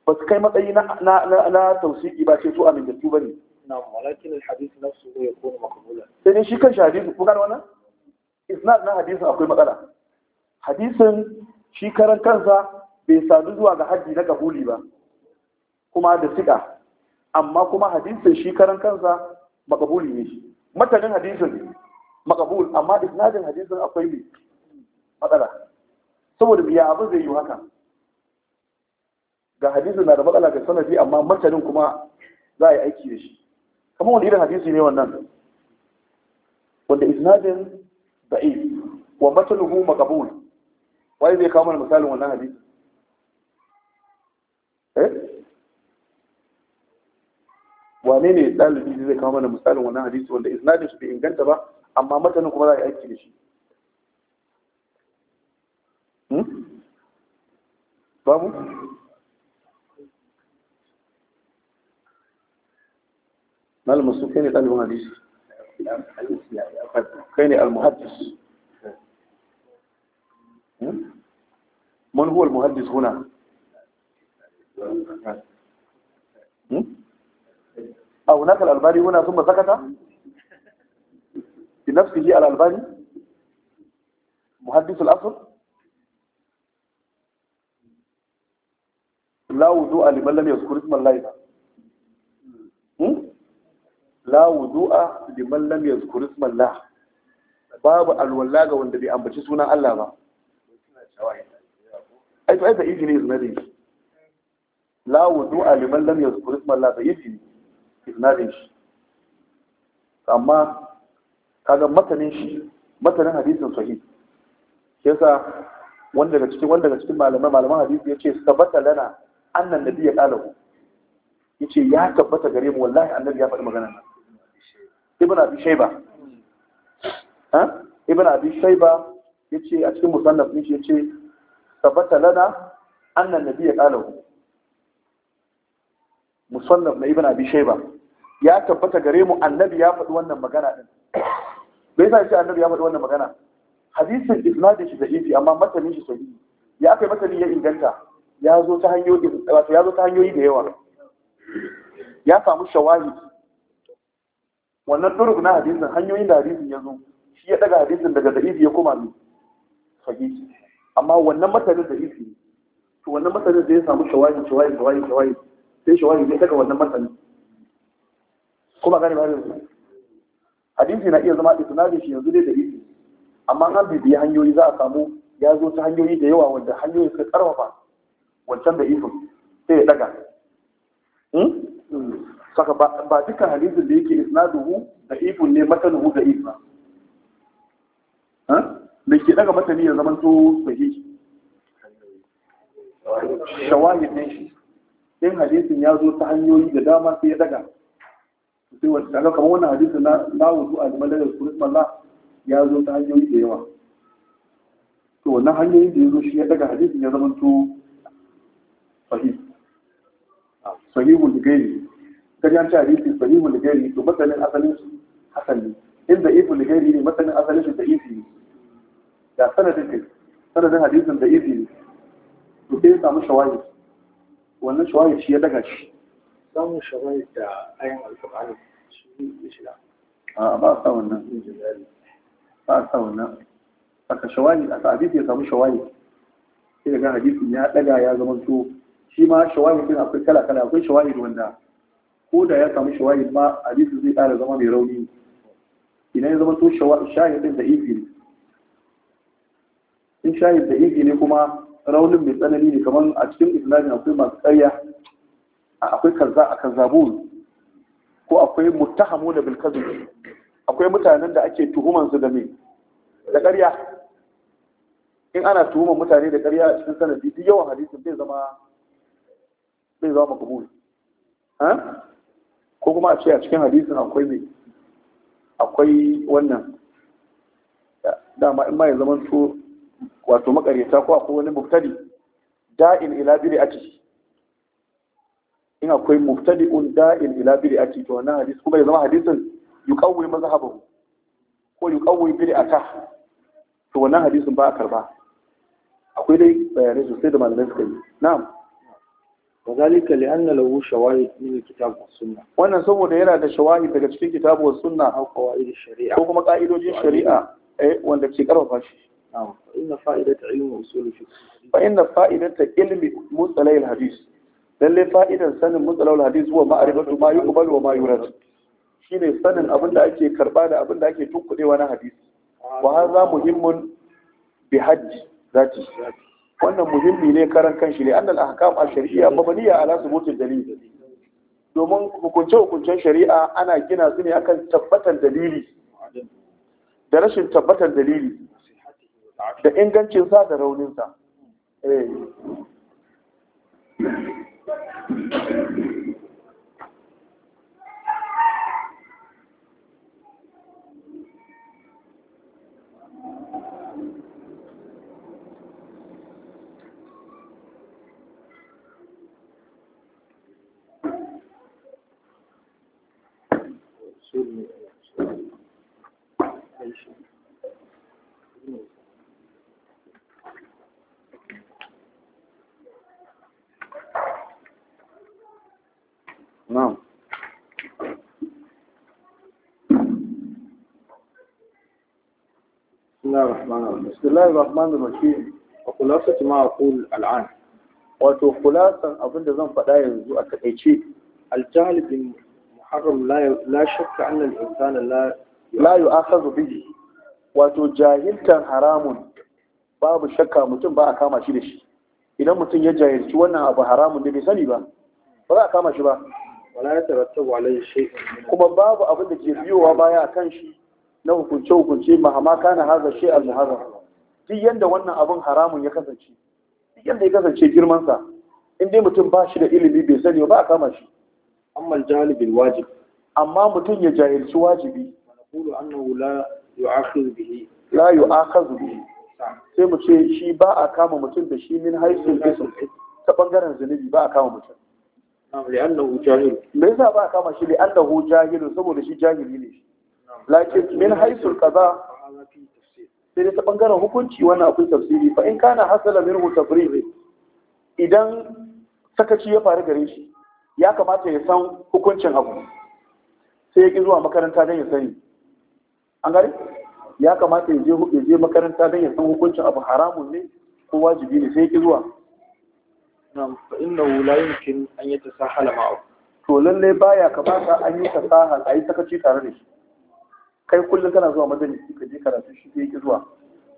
ba su kai matsayi na na na, na tausiki ba ce su amintattu bane na'am walakin alhadith nafsu yakunu maqbulan sai shi kan hadisi ku gano wannan isnad na hadisin akwai matsala hadisin shi karan kansa bai sadu zuwa ga haddi na kabuli ba kuma da sika. amma kuma hadisin shi karan kansa makabuli ne matanin hadisin makabul amma isnadin hadisin akwai ne matsala saboda biya abin zai yi haka ga hadisu na da matsala ga sanadi amma martanin kuma za a yi aiki da shi kamar wani irin hadisu ne wannan wanda isnadin da'i wa matanuhu makabul wani zai kawo mana misalin wannan hadisu? eh wane ne dalibi zai kawo mana misalin wannan hadisi wanda isnadin su bai inganta ba amma matanin kuma za a yi aiki da shi babu malamin su kai ne ɗalibin hadisi kai ne al من هو المهندس هنا أو نقل الألباني هنا ثم سكت بنفسه الألباني مهندس الأصل la wudu'a liman lam yazkur isma Allah hmm? la wudu'a liman lam yazkur isma Allah babu alwala ga wanda bai ambaci sunan Allah ba ai fa ai da izini iznadin shi la wudu'a liman lam yazkur isma Allah da izini iznadin shi amma kaga matanin shi matanin hadisin sahih yasa wanda daga cikin wanda daga cikin malaman malaman hadisi yace sabata lana annan nabi ya kala ku yace ya tabbata gare mu wallahi annabi ya faɗi magana nan ibn abi shayba ha ibn abi shayba yace a cikin musannaf ne yace tabbata lana annan nabi ya kala ku musannaf na ibn abi shayba ya tabbata gare mu annabi ya faɗi wannan magana din bai sa shi annabi ya faɗi wannan magana hadisin isnadin shi da amma matanin shi sahihi ya aka yi matanin ya inganta ya zo ta hanyoyi da yawa ya samu shawahi wannan turuk na hadisin hanyoyin da hadisin ya zo shi ya daga hadisin daga da'ifi ya koma mai sahihi amma wannan matanin da'ifi ne to wannan matanin da ya samu shawahi shawahi shawahi shawahi sai shawahi ya daga wannan matanin kuma gane ba yanzu hadisi na iya zama isnadin shi yanzu dai da'ifi amma an bibiya hanyoyi za a samu ya zo ta hanyoyi da yawa wanda hanyoyi suka karfafa wancan da ifin sai ya daga hmm? saka ba dukkan hadisin da yake isnaduhu da ifin ne matanuhu da ifin da ke daga matani ya zama to sahi shawahid ne shi in hadisin ya zo ta hanyoyi da dama sai ya daga sai wata daga kamar wannan hadisin na lawuzu a zama daga kurismalla ya zo ta hanyoyi da yawa to wannan hanyoyin da ya zo shi ya daga hadisin ya zama to sahih ah, sahihul gairi kaji an ce hadisi sahihul gairi to matsalin asalin su hasali inda ibul gairi ne matsalin asalin su da ifi ne da sanadin kai sanadin hadisin da ifi ne to sai samu shawayi wannan shawayi shi ya daga shi samun shawayi da ayin alƙur'ani shi ya shiga a ba sa wannan ba sa wannan aka shawayi aka hadisi ya samu shawayi sai ga hadisin ya daga ya zama to shi ma shawahidin akwai kala kala akwai shawahid wanda ko da ya samu shawahid ma hadisi zai ƙara zama mai rauni idan ya zama to shahidin da ifi ne in shahid da ifi ne kuma raunin mai tsanani ne kamar a cikin islamin akwai masu ƙarya akwai kaza a kazzabun ko akwai mutahamu da bilkazu akwai mutanen da ake su da mai da ƙarya in ana tuhumar mutane da ƙarya a cikin sanadi duk yawan hadisin zai zama zai zama makabul ko kuma a ce a cikin hadisin akwai mai akwai wannan dama in ma ya zama to wato makarita ko akwai wani mubtadi da'in ila ciki in akwai un da'in ila a to wannan hadis kuma ya zama hadisin maza mazhabahu ko yi a ta to wannan hadisin ba a karba akwai dai bayanai sosai da malamai suka yi na'am Ba za ni kare an gina launin shawari a Wannan saboda yana da shawari daga cikin kitabuwar suna an kuma wayar shari'a. Ko kuma ƙa'idojin shari'a wanda ke ƙarfafa shi. Ba ina fa'idata ilimin isolishin. sanin motsala'u hadisu, Shi ne sanin abin da ake karɓa ake tukunai wani hadis. Ba har za mu himmun wannan muhimmi ne karan kanshi ne annal ahkam ash shari'a mabniya ala thubutil dalil domin hukunce hukuncen shari'a ana gina su ne akan tabbatar dalili da rashin tabbatar dalili da ingancin sa da raunin sa eh بسم الله الرحمن الرحيم وخلاصة ما أقول الآن wato kulasan abin da zan faɗa yanzu a taƙaice aljahal bin muharram la shakka annal insana la la yu'akhadhu bihi wato jahiltan haramun babu shakka mutum ba a kama shi da shi idan mutum ya jahilci wannan abu haramun da bai sani ba ba za a kama shi ba wala ya tarattabu alayhi shay'un kuma babu abin da ke biyowa baya akan shi na hukunce hukunce mahama kana hadha duk yanda wannan abin haramun ya kasance duk yanda ya kasance girmansa in dai mutum ba shi da ilimi bai sani ba a kama shi amma jalibin wajib amma mutum ya jahilci wajibi naqulu annahu la yu'akhidhu bihi la yu'akhidhu bihi sai mu ce shi ba a kama mutum da shi min haisul ism ta bangaren zunubi ba a kama mutum li'annahu jahil me yasa ba a kama shi li'annahu jahil saboda shi jahili ne lakin min haisul qaza sai ta bangaren hukunci wannan akwai tafsiri fa in kana hasala minhu tafriqi idan sakaci ya faru gare shi ya kamata ya san hukuncin abu sai ya ki zuwa makaranta don ya sani an gari ya kamata ya je makaranta don ya san hukuncin abu haramun ne ko wajibi ne sai ya ki zuwa Nan fa la yumkin an yata sahala معه. to lallai baya kamata an yi tasahal a yi sakaci tare da shi kai kullum kana zuwa majalisi ka je karatu shi ke zuwa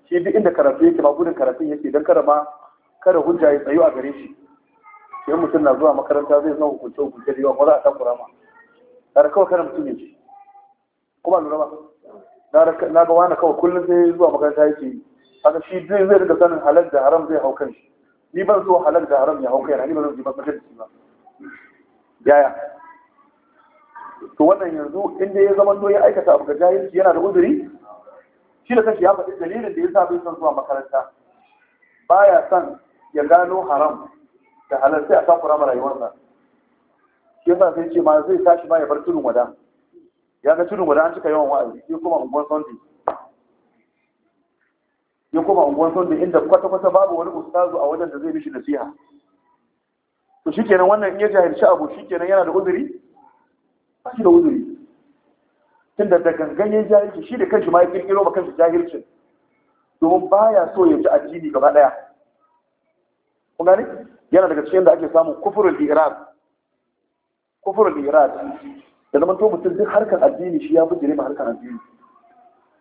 shi duk inda karatu yake ba gudun karatu yake dan kada ma kada hujja ya tsayo a gare shi sai mutum na zuwa makaranta zai zama hukunce hukunce da yawa kuma za a takura ma Da kawai kada mutum ya ji kuma lura ba na ga wani kawai kullum sai zuwa makaranta yake yi haka shi zai zai riga sanin halal da haram zai hau kan shi ni ban so halal da haram ya hau kai na ni ban zo ba majalisi ba yaya to wannan yanzu inda ya zama to ya aikata abu ga jahilci yana da uzuri shi da kashi ya faɗi dalilin da ya sa bai son zuwa makaranta baya son ya gano haram da halar sai a takura ma rayuwarsa shi yasa sai ce ma zai tashi ma ya bar tudun wada ya ga tudun wada an cika yawan wa'azi ya koma unguwar sondi ya koma unguwar sondi inda kwata-kwata babu wani ustazu a wajen da zai mishi nasiha to shikenan wannan in ya jahilci abu shikenan yana da uzuri ba shi da wuzuri tun da gangan ya jahilci shi da kanshi ma ya kirkiro ma kanshi jahilcin domin ba ya so ya ji addini gaba ɗaya. kun ne? yana daga cikin da ake samun kufurul irad kufurul irad da zaman to mutum duk harkar addini shi ya fi ma harkar addini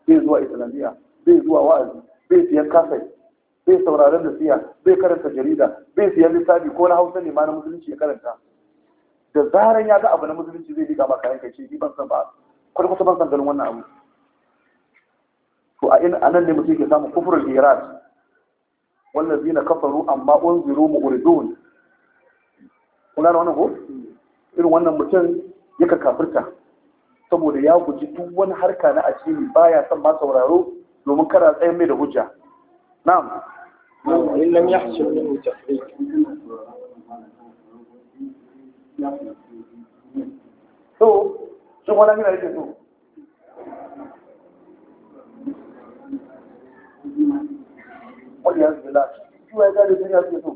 Zai zuwa islamiyya zai zuwa wa'azi zai siyan kasai bai sauraron da nasiha bai karanta jarida bai siyan lissafi ko na hausa ne ma na musulunci ya karanta da zaran ya ga abu na musulunci zai diga ba kayan kai shi ban san ba kwata kwata ban san ganin wannan abu to a in anan ne mutum ke samun kufrul wannan zina kafaru amma mu uridun kuna da wannan ko irin wannan mutum ya ka kafirta saboda ya guji duk wani harka na ba baya son ba sauraro domin kada tsayin mai da hujja na'am in lam yahsul min tafriq so shin wani mina yake so wani ya zuwa lafi shi wa ya gada duniya suke so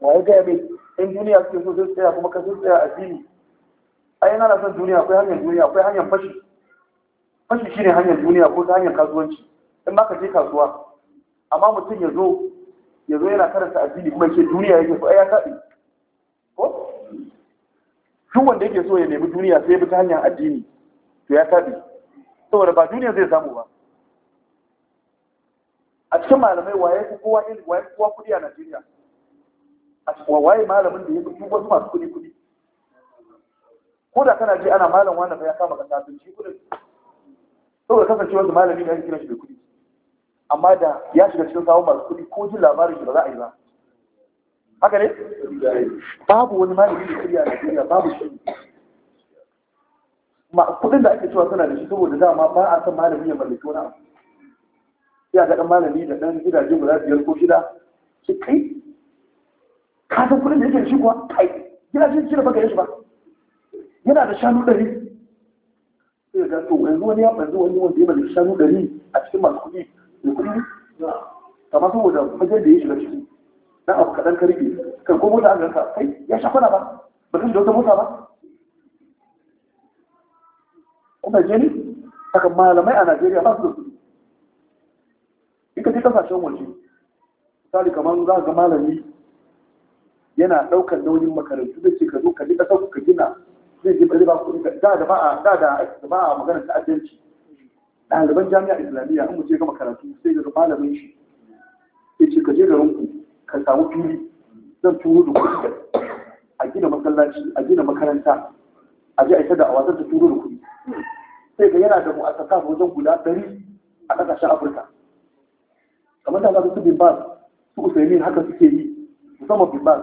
wa ya gaya mai in duniya suke so sai tsaya kuma ka sai tsaya a fili ai yana na son duniya akwai hanyar duniya akwai hanyar fashi fashi shine hanyar duniya ko ta hanyar kasuwanci in ba ka je kasuwa amma mutum ya zo ya zo yana karanta addini kuma ke duniya yake so ai ya kaɗi duk wanda yake so ya nemi duniya sai ya bi ta hanyar addini to ya tabi saboda ba duniya zai samu ba a cikin malamai waye fi kowa ilimi waye kowa kudi a Najeriya a cikin waye malamin da ya fi duk wasu masu kudi kudi ko da kana ji ana malam wannan fa ya kama kasa bin shi kudin saboda kasance wanda malami ne ya kira shi da kudi amma da ya shiga cikin sawun masu kudi ko jin labarin shi ba za a yi ba haka ne babu wani malami da shirya na shirya babu shi kudin da ake cewa suna da shi saboda dama ba a san malami ya mallaki wani abu ya ga dan malami da dan gidaje guda biyar ko shida shi kai ka san kudin da yake da shi kuwa kai gidaje da baka yi shi ba yana da shanu ɗari sai ga to yanzu wani ya ɓanzu wani wanda ya mallaki shanu ɗari a cikin masu kuɗi da kuɗi kamar saboda fajar da ya shiga ciki dan abu kaɗan ka rike kan ko mota an ganka kai ya sha kwana ba ba kan da wata mota ba kuma je ni haka malamai a Najeriya ba su da su in ka je kasashen waje misali kamar za ga malami yana ɗaukar nauyin makarantu zai ce ka zo ka ji ƙasar ka gina zai je ba kuɗi da da ba a da da ba a magana ta'addanci ɗaliban jami'a islamiyya an mu je ga makarantu sai ga malamin shi sai ce ka je garin ku ka samu fili zan turo da kuɗi a gina masallaci a gina makaranta a ji a yi da awa zan turo da kuɗi sai ga yana da mu'asasa wajen guda ɗari a ƙasashen afirka kamar da su bin su usaimin haka suke yi musamman bin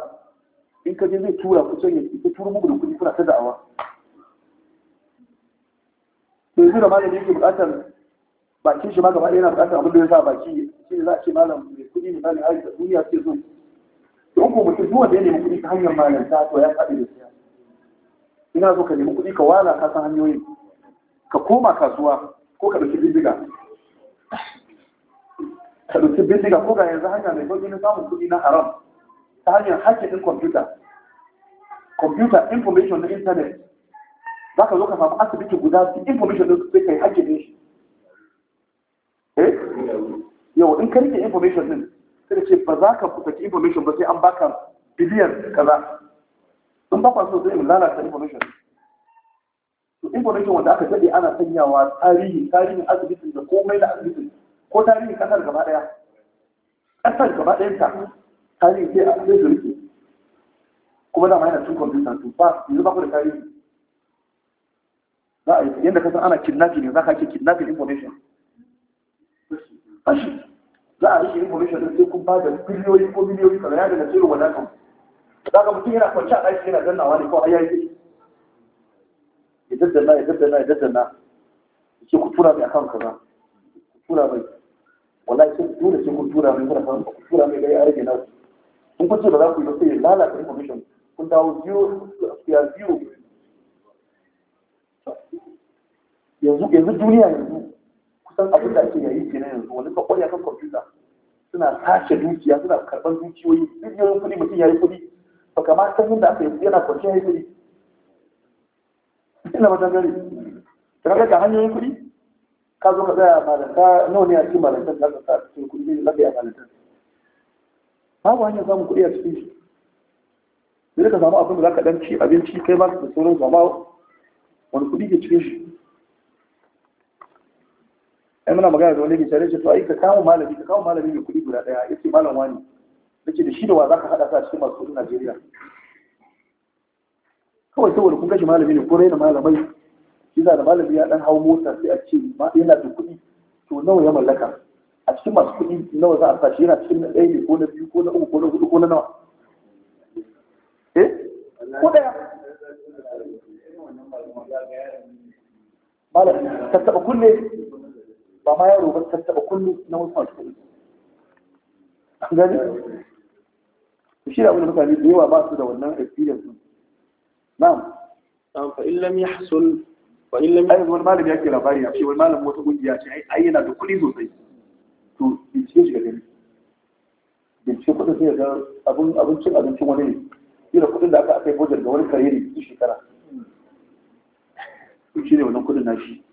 in ka je zai tura ku can ita turo muku da kuɗi kuna ta da'awa to yanzu da malami yake buƙatar bakin shi ma gaba ɗaya yana buƙatar abin da ya sa baki shi ne za a ce malam mai kuɗi misali a duniya ce zo don ko mutum duk wanda ya nemi ta to ya faɗi da siya ina zo ka nemi kuɗi ka wala ka san hanyoyin ka koma kasuwa ko ka ɗauki bindiga ka ɗauki bindiga ko ga yanzu hanya mai sauƙi na samun kuɗi na haram ta hanyar ɗin kwamfuta kwamfuta information na intanet za ka zo ka samu asibiti guda information da sai ka yi kai ɗin shi eh yau in ka rike information din sai da ce ba za ka fuskanci information ba sai an baka biliyan kaza in ba kwa so sai mu lalata information to information wanda aka dade ana sanyawa tarihi tarihin asibitin da komai da asibitin ko tarihin kasar gaba daya kasar gaba ɗayan ta tarihi sai a sai zurfi kuma dama yana cin kwamfuta to ba yanzu ba ku da tarihi za a yi yadda ka san ana kidnapping ne za ka ake kidnapping information fashi za a rike information din sai kun bada biliyoyi ko biliyoyi kamar ya daga cikin wadatan za ka mutum yana kwanci a ɗaki yana dannawa ne kawai ya yi ya daddana ya daddana ya daddana ya ce ku tura mai akan kaza ku tura mai wallahi sai dole sai kun tura mai kuna kan ya rage nasu ya lalata information kun dawo zero ya zero yanzu yanzu duniya yanzu san abin da ake yayi kenan yanzu wani ka kwarya kan kwamfuta suna sace dukiya suna karɓar dukiyoyi miliyoyin kuɗi mutum ya yi kuɗi ba kama san yadda aka yi yana kwanci ya yi kuɗi ina ba gari ka ga hanyoyin kuɗi ka zo ka tsaya malanta nawa ne a cikin malantar da aka sa cikin kuɗi ne lafiya malantar babu hanyar samun kuɗi a cikin shi sai ka samu abin da za ka ɗan ci abinci kai ma da sauran zama wani kuɗi ke cikin shi ai muna magana da wani ke tare to ai ka kawo malami ka kawo malami mai kuɗi guda ɗaya yace malam wani nace da shi da wa za ka hada ka cikin masu kuɗin Najeriya kawai saboda kun kashe malami ne ko raina malamai shi da malami ya dan hau mota sai a ce yana da kuɗi to nawa ya mallaka a cikin masu kuɗi nawa za a sa shi yana cikin na ɗaya ne ko na biyu ko na uku ko na hudu ko na nawa eh ko ɗaya malam ka taɓa kunne ba ma yaro ba ta kullum na wasu masu kuɗi an gani shi da abin da mutane da yawa ba su da wannan experience na'am fa in lam yahsul fa in lam ai wani malami yake labari a ce wani malamin wata kungiya ce ai yana da kuɗi sosai to bincike shi ga gani bincike kuɗin sai ga abin abincin abincin wani ne kira kuɗin da aka kai yi bojar ga wani kare ne su shekara shi ne wannan kuɗin shi?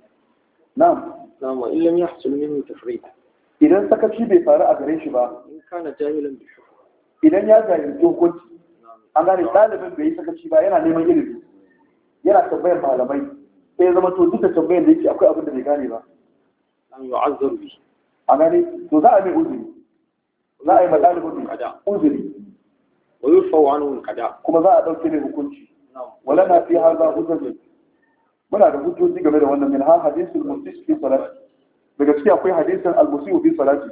na'am نعم وإن لم يحصل منه تفريط إذا سكتي بفارة أغريش با إن كان جاهلا بالحكم إذا يا جاهل توكت أنا لطالب بي سكتي با ينا نيمان إلبي ينا تبين إذا duka tambayar da yake akwai abin da bai gane ba an yu'azzar bi a to za a mai uzuri za a yi madalibin uzuri wa yurfa anhu al kuma za a dauke ne hukunci wala fi hadha muna da hujjoji game da wannan min ha hadisul muslim fi salati daga ciki akwai hadisin al-muslim fi salati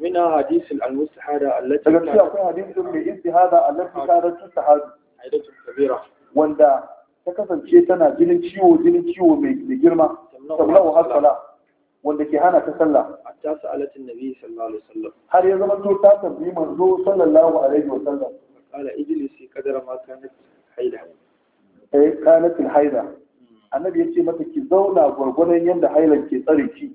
منها حديث المستحادة التي لكن في أقول حديث الاستحادة التي كانت تستحادة عيدة كبيرة واندا تكسن شيطانا جنين شيو جنين شيو بجرمة تبلغ هالصلاة wanda ke hana ta sallah a ta sa'alatin nabi sallallahu alaihi wasallam har ya zama to ta tambayi manzo sallallahu alaihi wasallam qala ijlisi qadara ma kanat haida eh kanat al haida annabi ya ce mata ki zauna gwargwadon yadda hailan ke tsare ki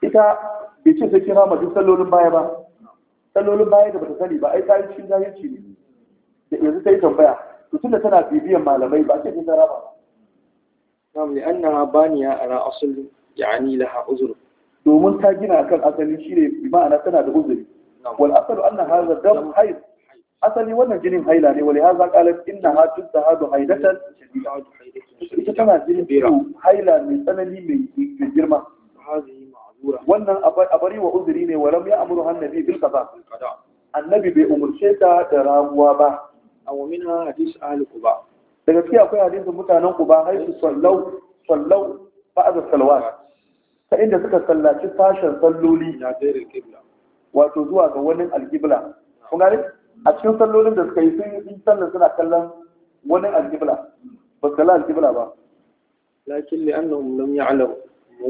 ita bai ce sai kira ma duk sallolin baya ba sallolin baya da bata sani ba ai ta yi cikin jahilci ne da yanzu ta yi tambaya to tunda tana bibiyan malamai ba ce ta raba nam li annaha baniya ala asl yani laha uzur domin ta gina akan asali shi ne, ma'ana tana da uzuri wal asalu anna hadha dam hayd asali wannan jinin haila ne wale haza kalar inna ha tun da hadu haidatan ita tana jinin biyu haila mai tsanani mai girma wannan abari wa uzuri ne walam ya amuru hannabi bil kaza annabi bai umurce ta da ramuwa ba a wamin hadis ahli quba da gaskiya akwai hadisin mutanen quba haisu sallau sallau ba'da salawat ta inda suka sallaci sashen salloli wato zuwa ga wani alkibla kun gane a cikin sallolin da suka yi sun yi sallar suna kallon wani aljibla ba su kalla aljibla ba lakin li annahum lam ya'lamu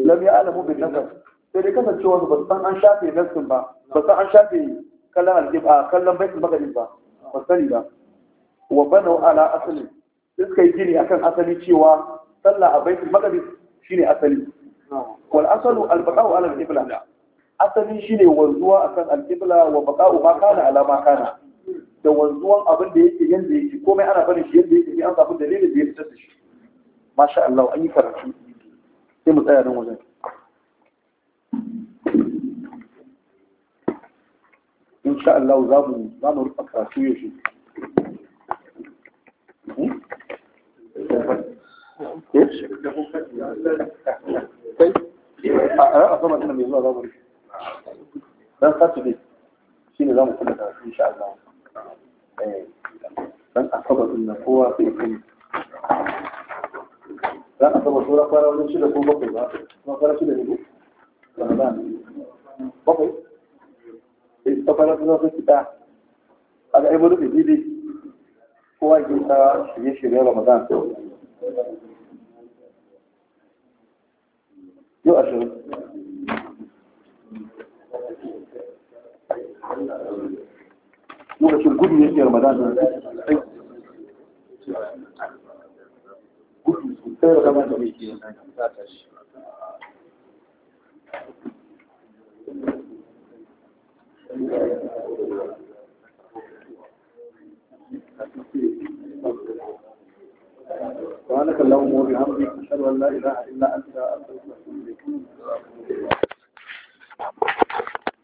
lam ya'lamu bin nasab sai dai wasu ba su san an shafe nasin ba ba san an shafe kallon aljibla kallon baitul maqdis ba ba sani ba wa banau ala asali suka yi gini akan asali cewa sallah a baitul maqdis shine asali wal asalu al baqa'u ala al qibla asali shine wanzuwa akan al qibla wa baqa'u ma kana ala ma kana da wanzuwan abin da yake yanda yake komai ana barin shi yanda yake an samu dalilin da ya fitar da shi masha Allah an yi karatu sai mu tsaya nan wajen insha Allah za mu za mu rufe karatu yau shi a sama tana mai zuwa za mu rufe dan saturday shi ne za mu kula da insha Allah dan asabatun na kowa sai kan dan o sura fara wani shida ko bakwai ba kuma fara shida ne ko ramadan bakwai sai ta fara sura sun fita a ga ibnu bidi kowa ke ta shirye shirye ramadan yau ashirin lokacin gudu في ke ramadan da gudu sai da kamar da mai ke سبحانك اللهم وبحمدك اشهد ان لا اله الا انت استغفرك واتوب اليك